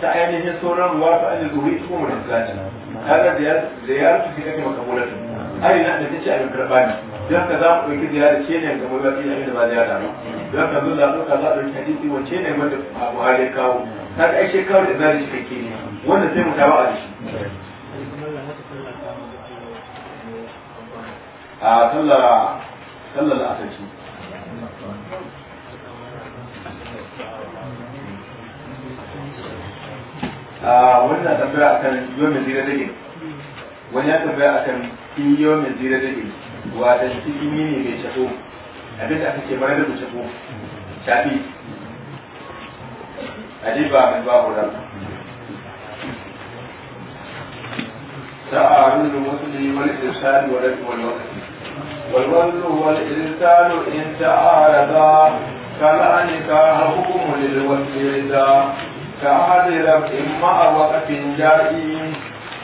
ta ainihin sauran ruwa ta ainihin guri su kuma da risalati ya ziyarar su kake makamulatu ai na da ce abin karba ne don ka za mu ɗauki da ziyarar ce ne kamar ga mawaki na da ba ziyara ba don ka zo zaɓo ka za ɗauki hadisi wace ne wanda Buhari ya kawo kaga ai shi kawo da zari shi kake ne wanda sai mu tawa a shi a sallar sallar asali a wannan tambaya akan mai zira dade wani ya tambaya akan in mai zira dade wa da cikin ne mai shafo abinda aka ce mara da shafo shafi adiba min babu ran تعارض المثل والإرسال والرد والوقت والولد والإرسال إن تعارضا فلا نكاح حكم للوكيل كأحد رب مع وقف mu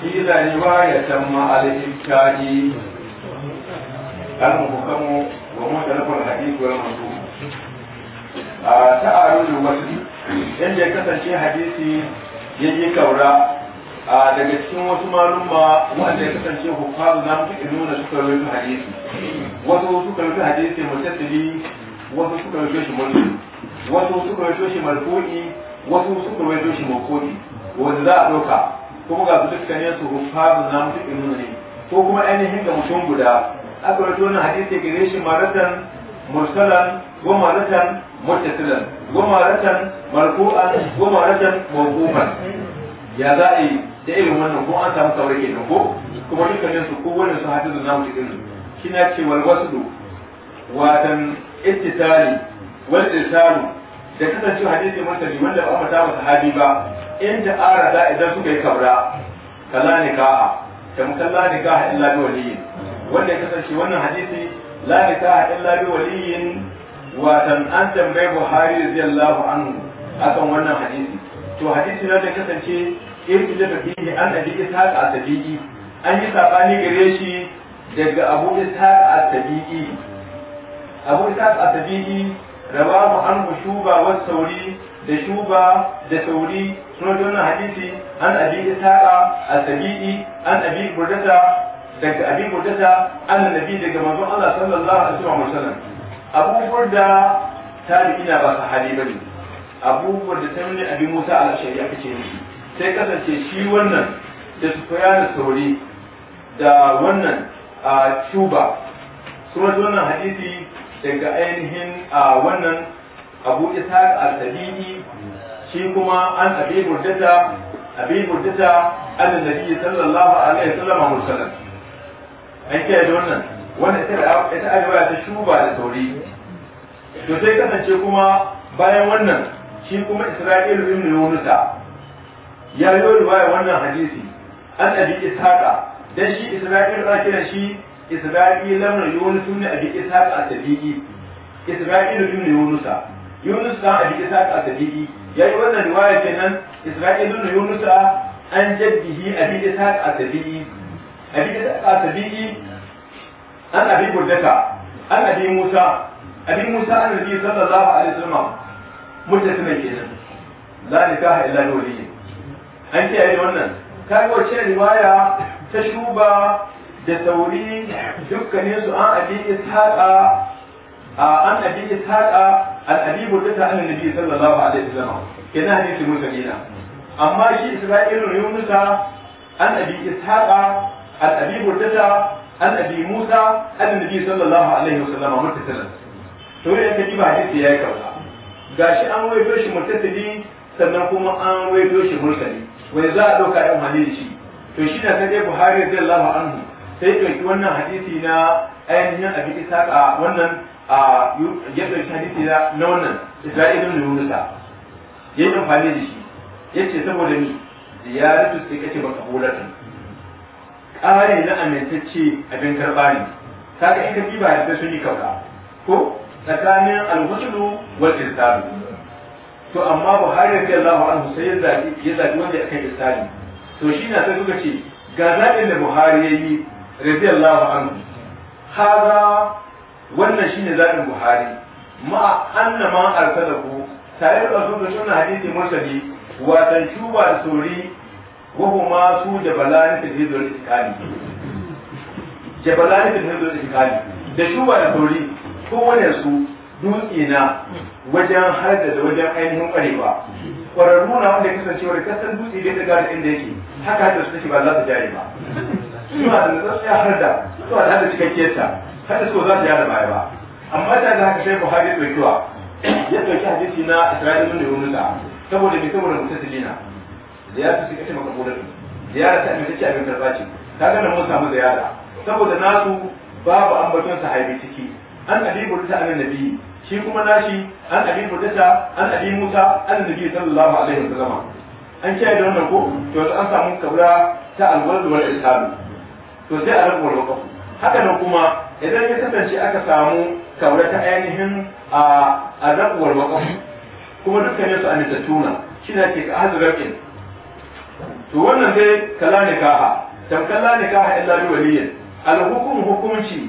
قيل رواية مع الإبكاء المحكم ومختلف الحديث والمنصوب تعارض wasu inda ya kasance hadisi ya yi kaura daga cikin wasu malumma wanda ya kasance hukazu na suka nuna suka rufe hadisi wasu suka rufe hadisi mutattali wasu suka rufe shi mulki wasu suka rufe shi marfu'i wasu suka mai doshi makoli wanda za a ɗauka kuma ga su dukkanin su hufafin na mutu irin ne ko kuma ainihin ga mutum guda aka rato na hadisi gare shi maratan mursalan wa maratan muttasilan wa maratan marfu'an wa maratan mawqufan ya za a yi da irin wannan ko an samu saurin ke ko kuma dukkanin su ko wannan su hadisu na mutu irin na ce wal wasdu watan ittitali wal irsalu da kasancewa hadisi mursali wanda ba mu ta sahabi ba in da arada idan suka yi kabra kalla nikaha da mukalla nikaha illa bi waliyin wanda ya kasance wannan hadisi la nikaha illa bi waliyin watan an tambayi Buhari radiyallahu anhu akan wannan hadisi to hadisi na da kasance in da bihi an abi ta as-sadiqi an yi sabani gare shi daga abu ta as-sadiqi abu ta as tabi'i rawahu an shuba wa sauri da shuba da sauri sun wannan hadisi an abi isaqa as-sabi'i an abi burdata daga abi burdata annabi daga manzon Allah sallallahu alaihi wasallam abu burda tabi'ina ba sahabi bane abu burda tabi'ina abi Musa al-Ashari aka ce shi sai kasance shi wannan da Sufyan sauri da wannan a shuba sun wannan hadisi daga ainihin wannan abu ita al-tabi'i shi kuma an abi murdata abi murdata annabi sallallahu alaihi wasallam mursalan an ce da wannan wannan ita ita alwaya ta shuba da sauri to sai kasance kuma bayan wannan shi kuma isra'ilu ibn yunusa ya yi riwaya wannan hadisi an abi isaqa dan shi isra'ilu ana kiran shi isra'il lamar yunus ne abi ishaq at-tabi'i isra'il ibn yunus yunus da abi ishaq at-tabi'i yayi wannan riwaya kenan isra'il ibn yunus an jaddihi abi ishaq at-tabi'i abi ishaq at-tabi'i an abi burdata an abi musa abi musa an nabi sallallahu alaihi wasallam mutasina kenan la nikaha illa li waliyin an ce yayi wannan kaga wacce riwaya ta shuba da tauri dukkanin su an abi ishaqa an abi ishaqa al abi burda an nabi sallallahu alaihi wasallam kenan hadisi musalina amma shi isra'ilu yunusa an abi ishaqa al abi burdata, an abi musa an nabi sallallahu alaihi wasallam muttasalan to ya kaji ba hadisi yayi kaza gashi an waye doshi muttasili sannan kuma an waye doshi mursali wai za a dauka yan hadisi to shi na sai Buhari radiyallahu anhu sai ɗauki wannan hadisi na ainihin abin isaka wannan a ya ɗauki hadisi na wannan isra'ilin da yunusa ya yi amfani da shi ya ce saboda ni ziyaratu sai kace baka hulata ƙari na amintacce abin karɓa ne kaga in ka ba ya sun yi kauka ko tsakanin alhusulu wal irsalu to amma buhari radiyallahu anhu sai ya wanda ya kai da akan to shi na sai kuka ce ga zaɓin da buhari ya yi radiyallahu anhu hada wannan shine zaɓin buhari ma anna man arsalahu tare da su da sunan hadisi mursali watan shuba da sori wahuma su jabalani ta hizo iskali jabalani ta hizo da shuba da sori ko wani su dutse na wajen harda da wajen ainihin kwarewa kwararru na wanda kasancewar kasan dutse bai daga da inda yake haka da su take ba za su ba suna da tsatsaya ya harda suna da hada cikakkiyar ta har su za ta yada baya ba amma da da haka sai Buhari ya dauki wa ya dauki hadisi na Isra'il ibn Yunus saboda me saboda mutasilina ziyaratu su kace maka kodar ziyara ta mai tace abin karba ce kaga nan mun samu ziyara saboda nasu babu ambaton sahabi ciki an abi burda an nabi shi kuma nashi an abi burda an abi Musa an nabi sallallahu alaihi wasallam an kiyaye da wannan ko to an samu kabra ta alwalad wal irsalu to sai a rabu lokaci haka nan kuma idan ya kasance aka samu kaura ta ainihin a rabuwar wakafu kuma yasu a anita tuna shi na ke ka hazirakin to wannan dai kala nikaha tamkar la nikaha illa bi waliyin alhukum hukunci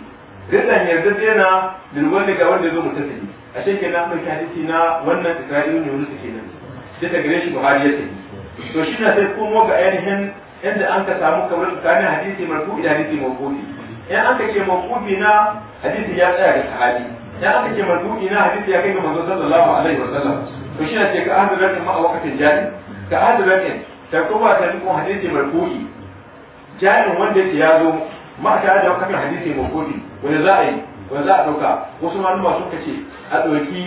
ridan yarda tsena dilwani ga wanda zo mutasili a shekin na mai hadisi na wannan isra'ilu ne wani suke nan sai ta gare shi buhari ya tafi to shi na sai kuma ga ainihin inda an ka samu kamar tsakanin hadisi marfu da hadisi mawqufi in an ka ce mawqufi na hadisi ya tsaya ga sahabi in an ka ce marfu na hadisi ya kai ga manzo sallallahu alaihi Sallam to shi ne ka hadirin ma a wakatin jari ka hadirin ta kuma ta nufin hadisi marfu'i jarin wanda yake ya zo ma ta da wakatin hadisi mawqufi wanda za a yi wanda za a dauka wasu malama suka ce a dauki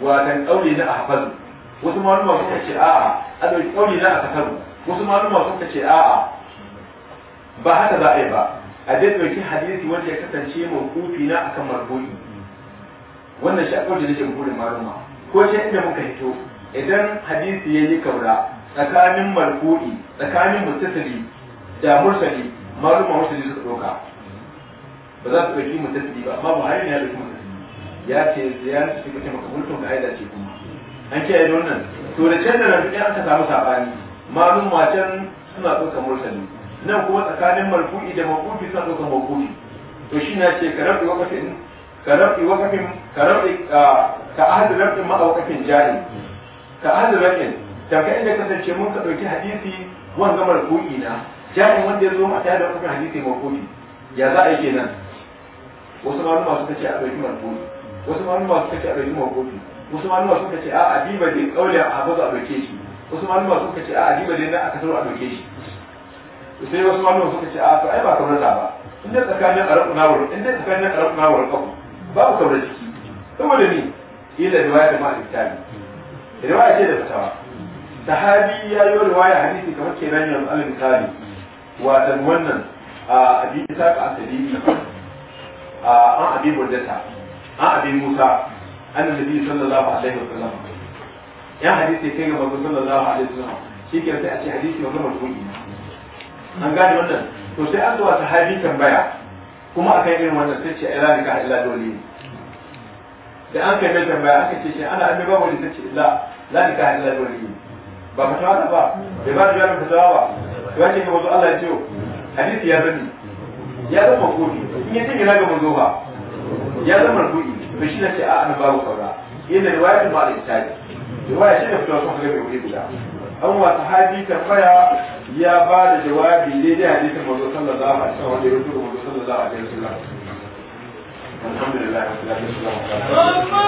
watan kauli na ahfazu wasu malama suka ce a'a a dauki kauli na akasaru wasu maluma suka ce a'a ba haka za a yi ba a dai ɗauki hadisi wanda ya kasance kufi na akan marfu'i wannan shi akwai da nake burin maluma ko ce inda muka hito idan hadisi yi kaura tsakanin marfu'i tsakanin muttasili da mursali maluma mursali suka ɗauka ba za su ɗauki muttasili ba amma buhari ne ya ɗauki muttasili ya ce ya su suka ce maka ka da aida ce kuma an kiyaye da wannan to da can da rafi an ka samu saɓani malum macen suna ɗaukar mursali nan kuma tsakanin marfu'i da mafufi suna ɗaukar mafufi to shi na ce ka rabbi wakafin ka rabbi wakafin ka rabbi ka ahadu rabin ma wakafin jari ka ahadu rabin daga inda kasance mun ka ɗauki hadisi wanga marfu'i na jari wanda ya zo a tare da wakafin hadisi mafufi ya za a yi kenan wasu malum masu ce a ɗauki marfu'i wasu malum masu ce a ɗauki mafufi wasu malum masu ce a adiba da kauli a hafaza a ɗauke shi wasu malama suka ce a adiba dai nan aka taro a doke shi sai wasu malama suka ce a to ai ba kamar da ba in dai tsakanin arabu na wurin in dai tsakanin arabu na wurin kafu babu kamar jiki saboda ni ila riwaya da ma'al kitabi riwaya ce da fatawa sahabi ya yi riwaya hadisi kamar kenan yanzu alal misali watan wannan a abi isa ka asali an abi burdata an abi musa annabi sallallahu alaihi wasallam ya hadisi kai ga manzo sallallahu alaihi wasallam shi ke sai a ce hadisi manzo marfu'i an gane wannan to sai an zuwa sahabi tambaya kuma akan irin wannan sai ce ila ni ka ila dole da an kai mai tambaya aka ce shi ana annabi wani sai ce la la ni ka ila dole ba ka tawa ba bai ba da ka tawa ba ya ce ga manzo Allah ya ce hadisi ya zani ya zama kudi in ya ce ga manzo ba ya zama kudi to shi ne ce a annabi babu kaura yana riwayatul malik tabi riwaya shi da fitowa sun halabe wuri guda an wa sahabi tambaya ya ba da jawabi daidai hadisin manzo za a wasallam wanda ya rubuta manzo sallallahu alaihi wasallam alhamdulillah rabbil alamin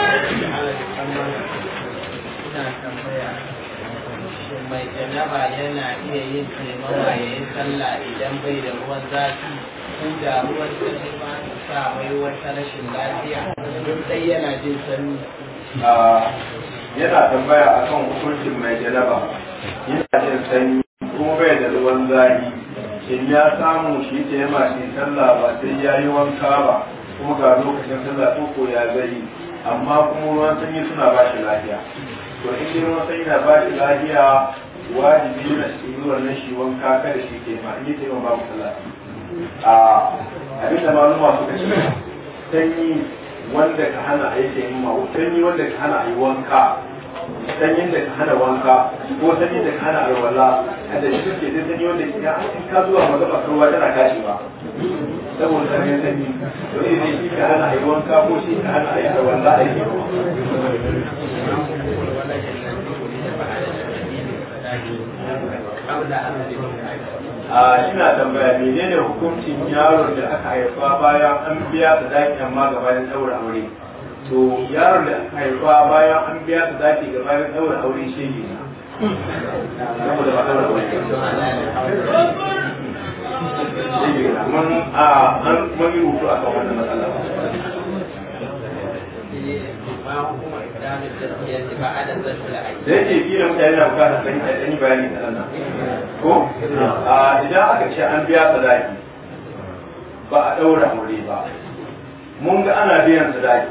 mai janaba yana iya yin taimama ya yi sallah idan bai da ruwan zafi Tun da ruwan zafi ba ta sa mai wata rashin lafiya duk yana jin sanyi ah, yana tambaya akan hukuncin mai jalaba yana jin sanyi kuma bai da ruwan zafi in ya samu shi ta yi mashi sallah ba sai ya yi wanka ba kuma ga lokacin sallah ko ya zai amma kuma ruwan sanyi suna ba shi lafiya to in dai ruwan sanyi na ba shi lafiya wajibi na shi nan shi wanka kada shi ke ma in yi ta yama babu sallah a ah, abinda maluma suka ce sanyi wanda ka hana a yi taimama ko sanyi wanda ka hana a yi wanka sanyin da ka hana wanka ko sanyin da ka hana alwala kada shi suke sai sanyi wanda ya an ka zuwa magana ruwa tana ba saboda sanyin sanyi to ne ne shi ka hana a yi wanka ko shi ka hana a yi alwala a yi a ina tambaya menene hukuncin yaron da aka haifa bayan an biya ta zaki amma gabanin daura aure to yaron da aka haifa bayan an biya ta zaki gabanin daura daura aure shege na mun a mun yi rubutu akan wannan matsala da yake kila mutane na bukatar fahimta da ni bayani da nan ko idan aka ce an biya sadaki ba a ɗaura aure ba mun ga ana biyan sadaki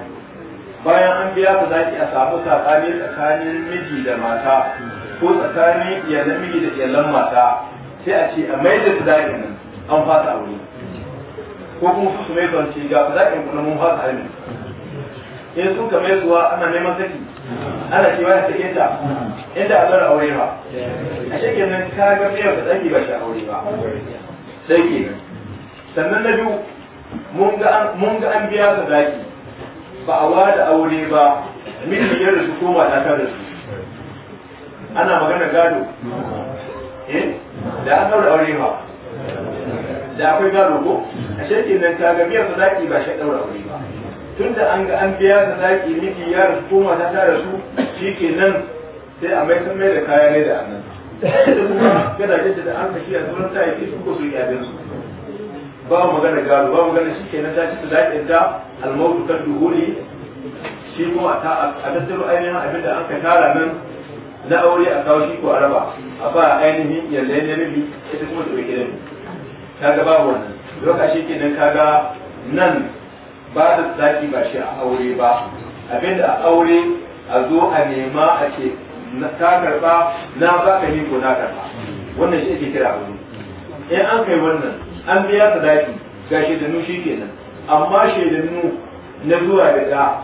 bayan an biya sadaki a samu sakani tsakanin miji da mata ko tsakanin iyalan miji da iyalan mata sai a ce a mai da sadakin nan an fasa aure ko kuma su su mai zance ga sadakin kuma mun fasa aure in sun kame suwa ana neman saki ana cewa ya sake ta inda a zara aure ba a shekin nan ka ga da tsaki ba shi aure ba sai ke sannan na biyu mun ga an biya su zaki ba a wada aure ba miji ya rasu koma mata ta su. ana magana gado eh? da an zara aure ba da akwai gado ko a shekin nan ka ga mai da tsaki ba shi aure ba tun da an ga an biya da zaki miki ya rasu ko mata ta rasu shi ke nan sai a mai mai da kaya ne da annan gadajen da an shi a zuwan ta yi su ko su yi abin su ba magana gado ba magana shi ke nan ta ci zaki da almautu kan duhuri shi kuma a tattaro ainihin abin da an ka tara nan na aure a kawo shi ko a raba a ba ainihin yalla ya rabi ita kuma ta bai gidan ta ba wannan lokaci ke nan ka ga nan ba da zaki ba shi a aure ba abinda a aure a zo a nema a ce ta karba na ba ka ko na karba wannan shi ake kira aure in an kai wannan an biya sadaki ga shaidanu shi kenan amma shaidanu na zuwa da da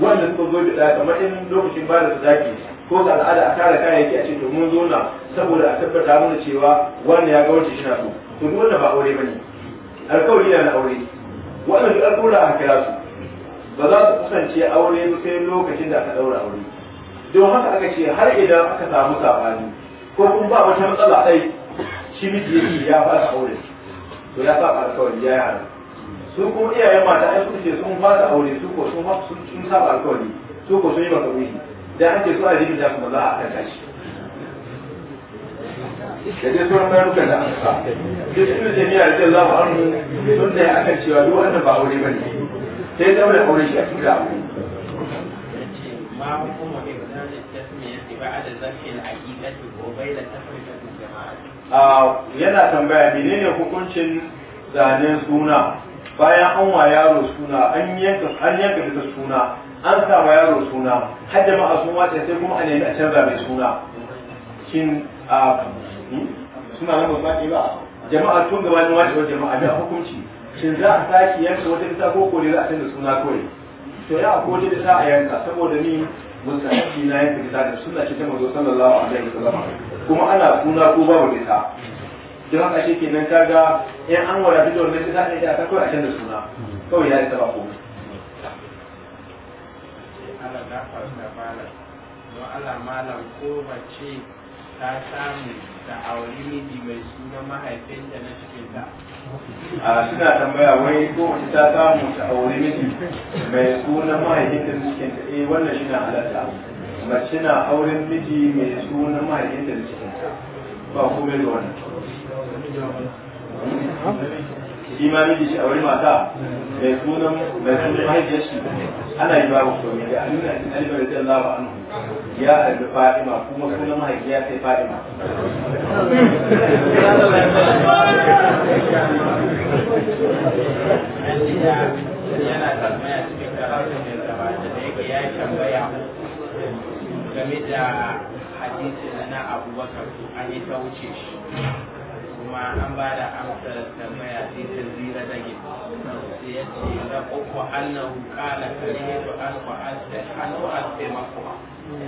wannan suka zo da kamar in lokacin ba da sadaki ko da al'ada a tara kayayyaki a ce to mun zo na saboda a tabbata mana cewa wannan ya ga wancan shi na so to duk wannan ba aure bane alkawari na aure wannan da ɗora a kira su ba za su kusance aure ba sai lokacin da aka ɗaura aure don haka aka ce har idan aka samu sabani ko kuma ba wata matsala ɗai shi miji yi ya fara aure to ya saba alkawari ya yi su kuma iyayen mata ai suke sun fara aure su ko sun saba alkawari su ko sun yi maka wuyi da ake so a yi da kuma za a kanta shi da dai sauran bayanukan da aka sa duk sun da miya da Allah ba sun da aka cewa duk wannan ba aure bane sai da wani aure shi a cikin abu yana tambaya menene hukuncin zanen suna bayan an wa yaro suna an yanka an yanka suna an sa wa yaro suna har jama'a sun wace sai kuma a nemi a canza mai suna shin Hmm? suna nan ba ba jama'a tun gabanin wajewar jama'a da hukunci shin za a sake yanka wata bisa ko kore za a canza suna kawai to ya ko da sa a yanka saboda ni mun saki na yanka bisa da sunna ce ta manzo sallallahu alaihi wasallam kuma ana suna ko babu bisa don haka shi kenan ga. in an wadatu da wannan ta ne da ta kawai a canza suna kawai ya isa ba komai Allah gafarta malam don Allah malam ko ba ce. ta samu da auri miji mai suna da na cikinta a suna tambaya wai ko wace ta samu ta auri miji mai suna mahaifinta na cikinta eh wannan shi na halatta mace na auren miji mai suna mahaifinta na cikinta ba komai da wannan shi ma miji shi aure mata mai sunan mai sunan mahaifiyar shi ana yi babu komai da aluna alibar da Allah ba anhu ya albi fa'ima kuma sunan mahaifiya sai fa'ima game da hadisi na abubakar an yi ta wuce shi kuma an ba da amsar tambaya sai ta zira dage sai ya ce na uku annahu qala karihu an wa asda an wa asda makwa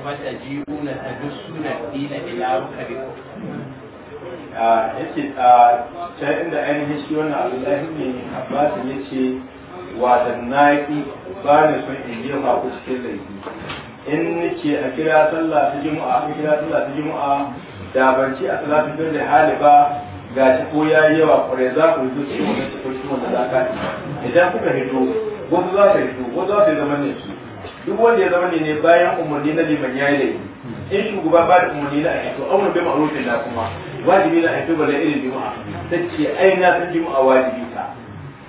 mata jiuna ta na dina ila rukariku yace a can inda ainihin shi wannan abdullahi ne abbas yace watan naƙi ba ni son in girma ku cikin laifi in nake a kira sallah ta juma'a a kira sallah ta jimu'a da ban ci a salatu da hali ba ga ko ya yi yawa kwarai za ku hito cikin wannan cikin cikin wannan zaka idan kuka hito wasu za ka hito wasu za ka zama ne su duk wanda ya zama ne ne bayan umarni na liman ya yi da in shugaba ba da umarni na a hito auren bai ma'arufin na kuma wajibi na a hito bala irin juma'a ta ce ai na san juma'a wajibi ta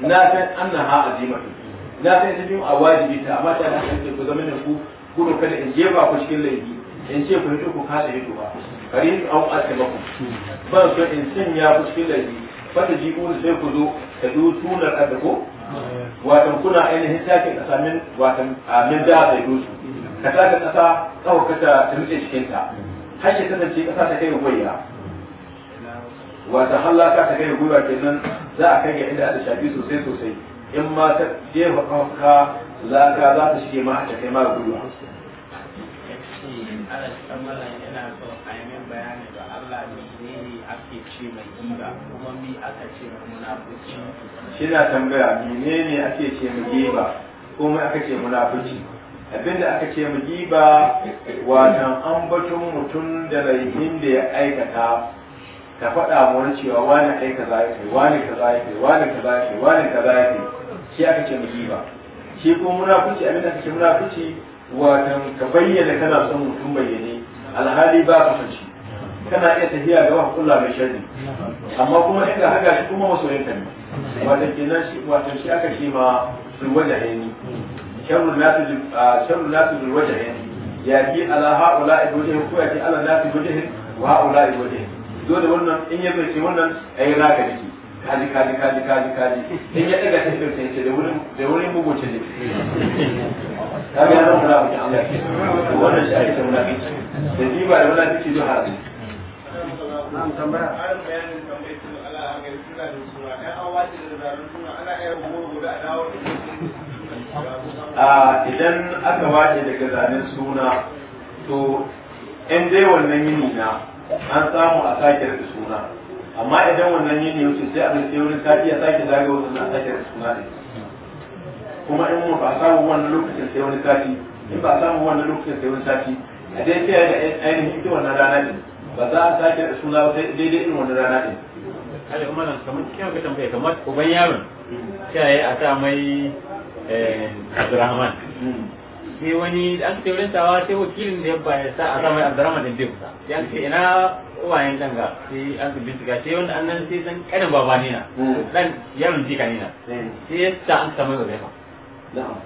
na san an na ha a jimatu na san ita juma'a wajibi ta amma ta na san ku zama ne ku ku kada in jefa ku cikin laifi in ce ku hito ku kasa hito ba karin an asimaku ban so in sanya ku cikin laifi fata ji ku sai ku zo ka zo tunar a dako watan kuna ainihin sake kasa min watan min da zai dusu ka sake kasa kawo ka ta rike cikin ta har ya kasance kasa ta kai gwaya wata hallaka ta kai gwiwa kenan za a kai ga inda aka shafi sosai sosai in ma ta jefa kanka laka za ta shige ma a ta kai ma gwiwa. ce mai giba kuma mi aka ce munafuci shi na tambaya menene ake ce mu giba kuma aka ce munafuci abinda aka ce mu giba wato an ambaton mutum da laifin da ya aikata ta faɗa mu cewa wani kai kaza yake wani kaza yake wani kaza yake wani kaza yake shi aka ce mu giba shi kuma munafuci abinda aka ce munafuci wato ka bayyana kana son mutum bayyane alhali ba ka fashi kana iya tafiya ga wasu kula mai sharri amma kuma inda haka shi kuma masoyin ka ne wato kenan shi wata shi aka ce ma bil wajhaini sharru nasu sharru nasu waje wajhaini ya bi ala haula ibujih ko ya bi ala nasu ibujih wa haula ibujih dole wannan in ya zai wannan ayi naka dake kaji kaji kaji kaji kaji in ya daga tafiyar sai ce da wurin da wurin bugunce ne kaga nan munafiki Allah wannan shi ake munafiki da diba da munafiki don harabi na'am tambaya ayin bayanin tambayar su ala a ga suna da suna dan an wace da zarar suna ana iya gogo guda a dawo a idan aka wace daga zanen suna to in dai wannan yini na an samu a sake da suna amma idan wannan yini wuce sai a zai wurin sati a sake zagaye wannan a sake da suna ne kuma in ba a samu wannan lokacin sai wani sati in ba a samu wannan lokacin sai wani sati a dai sai ainihin ita wannan rana ne ba za a sake da suna ba daidai irin wani rana ɗin Ali kuma nan kamar cikin haka tambaya kamar uban yaron ta yi a sa mai eh, abdurrahman hmm. sai wani da aka ce wurin tawa sai wakilin da ya baya sa a sa mai abdurrahman din bai kusa sai ce ina uwayen danga sai an ka bincika sai wani annan sai san kanin baba ne na dan hmm. yaron jika ni na hmm. sai ya sa an sa mai uzaifa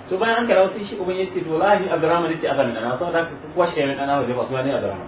to bayan an karawa sai shi uban ya to lahi abdurrahman ya a sa min ɗana saboda haka kuwa shi ya min ba uzaifa suna ne abdurrahman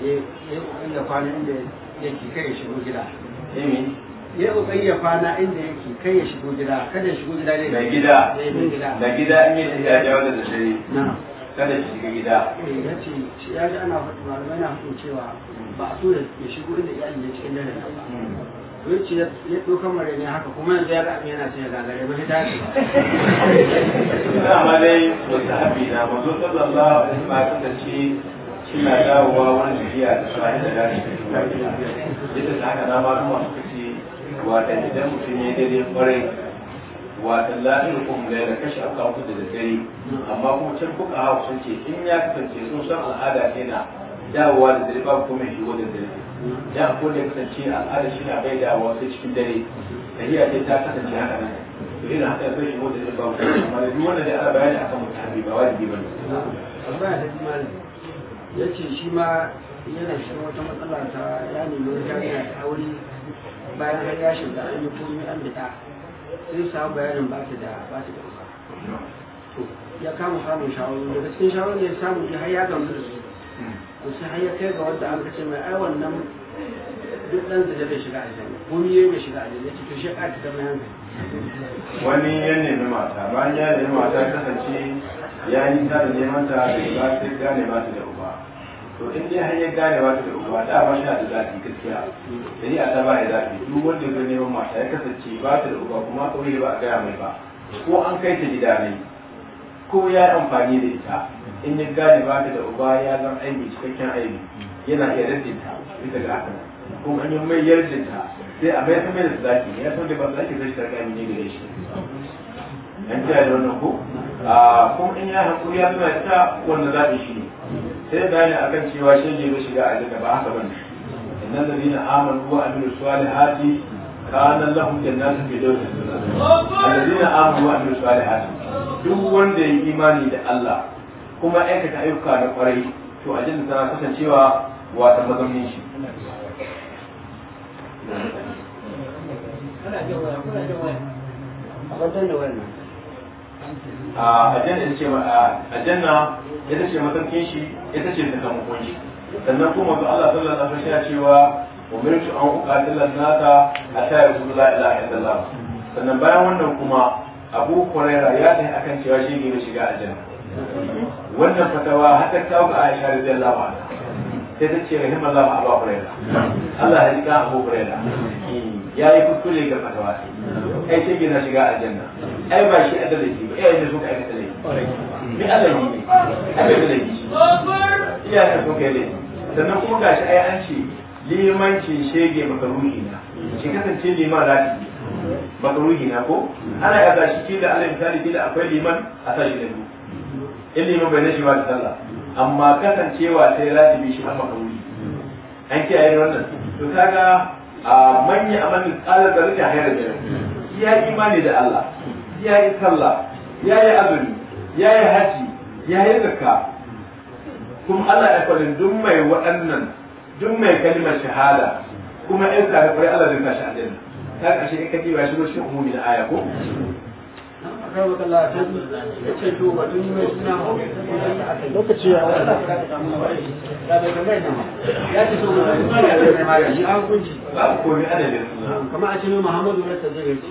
ya yi kwana inda yake kai ya shigo gida ya yi ya kwana inda yake kai ya shigo gida kada ya shigo gida ne da gida da gida in yi tafiya da kada ya shiga gida eh, ya ce ya ji ana faɗi malamai na faɗin cewa ba a so ya shigo inda iyalin ya cikin dare ba zuci hmm. ya ɗaukan mare ne haka kuma yanzu ya ga abin yana cin gagare ba ta ce ba. Ina [LAUGHS] ma dai wasu habi na mazo sallallahu alaihi wa sallam ce suna dawowa wani tafiya da suna inda da shi suna gida yadda ta haka na ma kuma suka ce wata idan mutum ya daidai kwarai wata lafiyar kuma da yana kashe abuwa mutu da dare. amma kuma can kuka hau sun ce in ya kasance sun san al'ada ke yana dawowa da dare babu kuma shigo da dare ya akwai da kasance al'ada shi na bai dawowa sai cikin dare tafiya ce ta kasance haka nan to irin haka sai shigo da dare babu kuma amma da duk wanda da ana bayani akan mutane ba wajibi ba ne. ya ce shi ma yana shiga wata matsala ta ya nemi wata yana da aure bayan har ya shiga an yi komai an bida sai samu bayanin ba ta da ba ta da ba to ya kama samun shawarwari daga cikin shawarwari ya samu har ya gamsu da su to sai har ya kai ga wanda an kace mai ai wannan duk ɗan da bai shiga aljanna komi yayi bai shiga aljanna ya ce to shi ka ta zama yanzu wani ya nemi mata bayan ya nemi mata kasance ya yi ta da neman ta da ba sai gane ba ta da uba to in dai har ya gane ba da ruwa da ba shi da zafi gaskiya da ni a ta ba ya zafi duk wanda zai neman mata ya kasance ba ta da ruwa kuma kauye ba a gaya mai ba ko an kai ta gida ne ko ya yi amfani da ita in ya gane ba ta da uba ya zan aini cikakken aini yana iya raddinta bisa ga haka kuma an yi mai yarjinta sai a bai san mai da zaki ya san da ba zaki zai ta gani ne da shi an kira da wannan ko ah, kuma in ya haƙuri ya zama ta wanda zaɓi shi ne sai bayani akan cewa shege zai shiga aljanna ba haka bane innal ladina amanu wa amilus salihati kana lahum jannatun fi dawsin alladina amanu wa amilus hati duk wanda ya yi imani da Allah kuma aikata ayyuka da kwarai to aljanna tana kasancewa wa ta mazaunin shi kana jin waya kana jin waya a wannan da wannan aljanna ita ce aljanna ita ce matarkin shi ita ce ta sakamakon shi sannan kuma ga Allah sallallahu alaihi wasallam ya cewa umirtu an uqatila nasa hatta yaqulu la ilaha illallah sannan bayan wannan kuma Abu Hurairah ya tafi akan cewa shi ne shiga aljanna wannan fatawa har ta kawo ga Aisha radiyallahu anha sai ta ce rahim Allah ma Abu Hurairah Allah ya ji ka Abu Hurairah hmm, ya yi kuskure ga fatawa sai kai shi ne shiga aljanna ai ba shi adala shi ba iyayen da suka aikata laifi ni Allah ne Allah ne laifi iyayen da suka yi laifi sannan kuma gashi ai an ce limanci shege makaruhi na shi kasance liman rafi makaruhi na ko ana ya sa shi kila ala misali kila akwai liman a sa shi da biyu in liman bai nashi ba da sallah amma kasancewa sai ratibi shi a makaruhi an kiyaye wannan to kaga a manya amalin kalar da rike hayar da ya imani da Allah ya yi sallah ya yi azumi ya yi haji ya yi zakka kuma Allah ya faɗin duk mai waɗannan duk mai kalimar shahada kuma in ka fara Allah zai tashi aljanna ta kashe in ka ba shi cikin umumi na aya ko lokaci ya ya ce so ba ce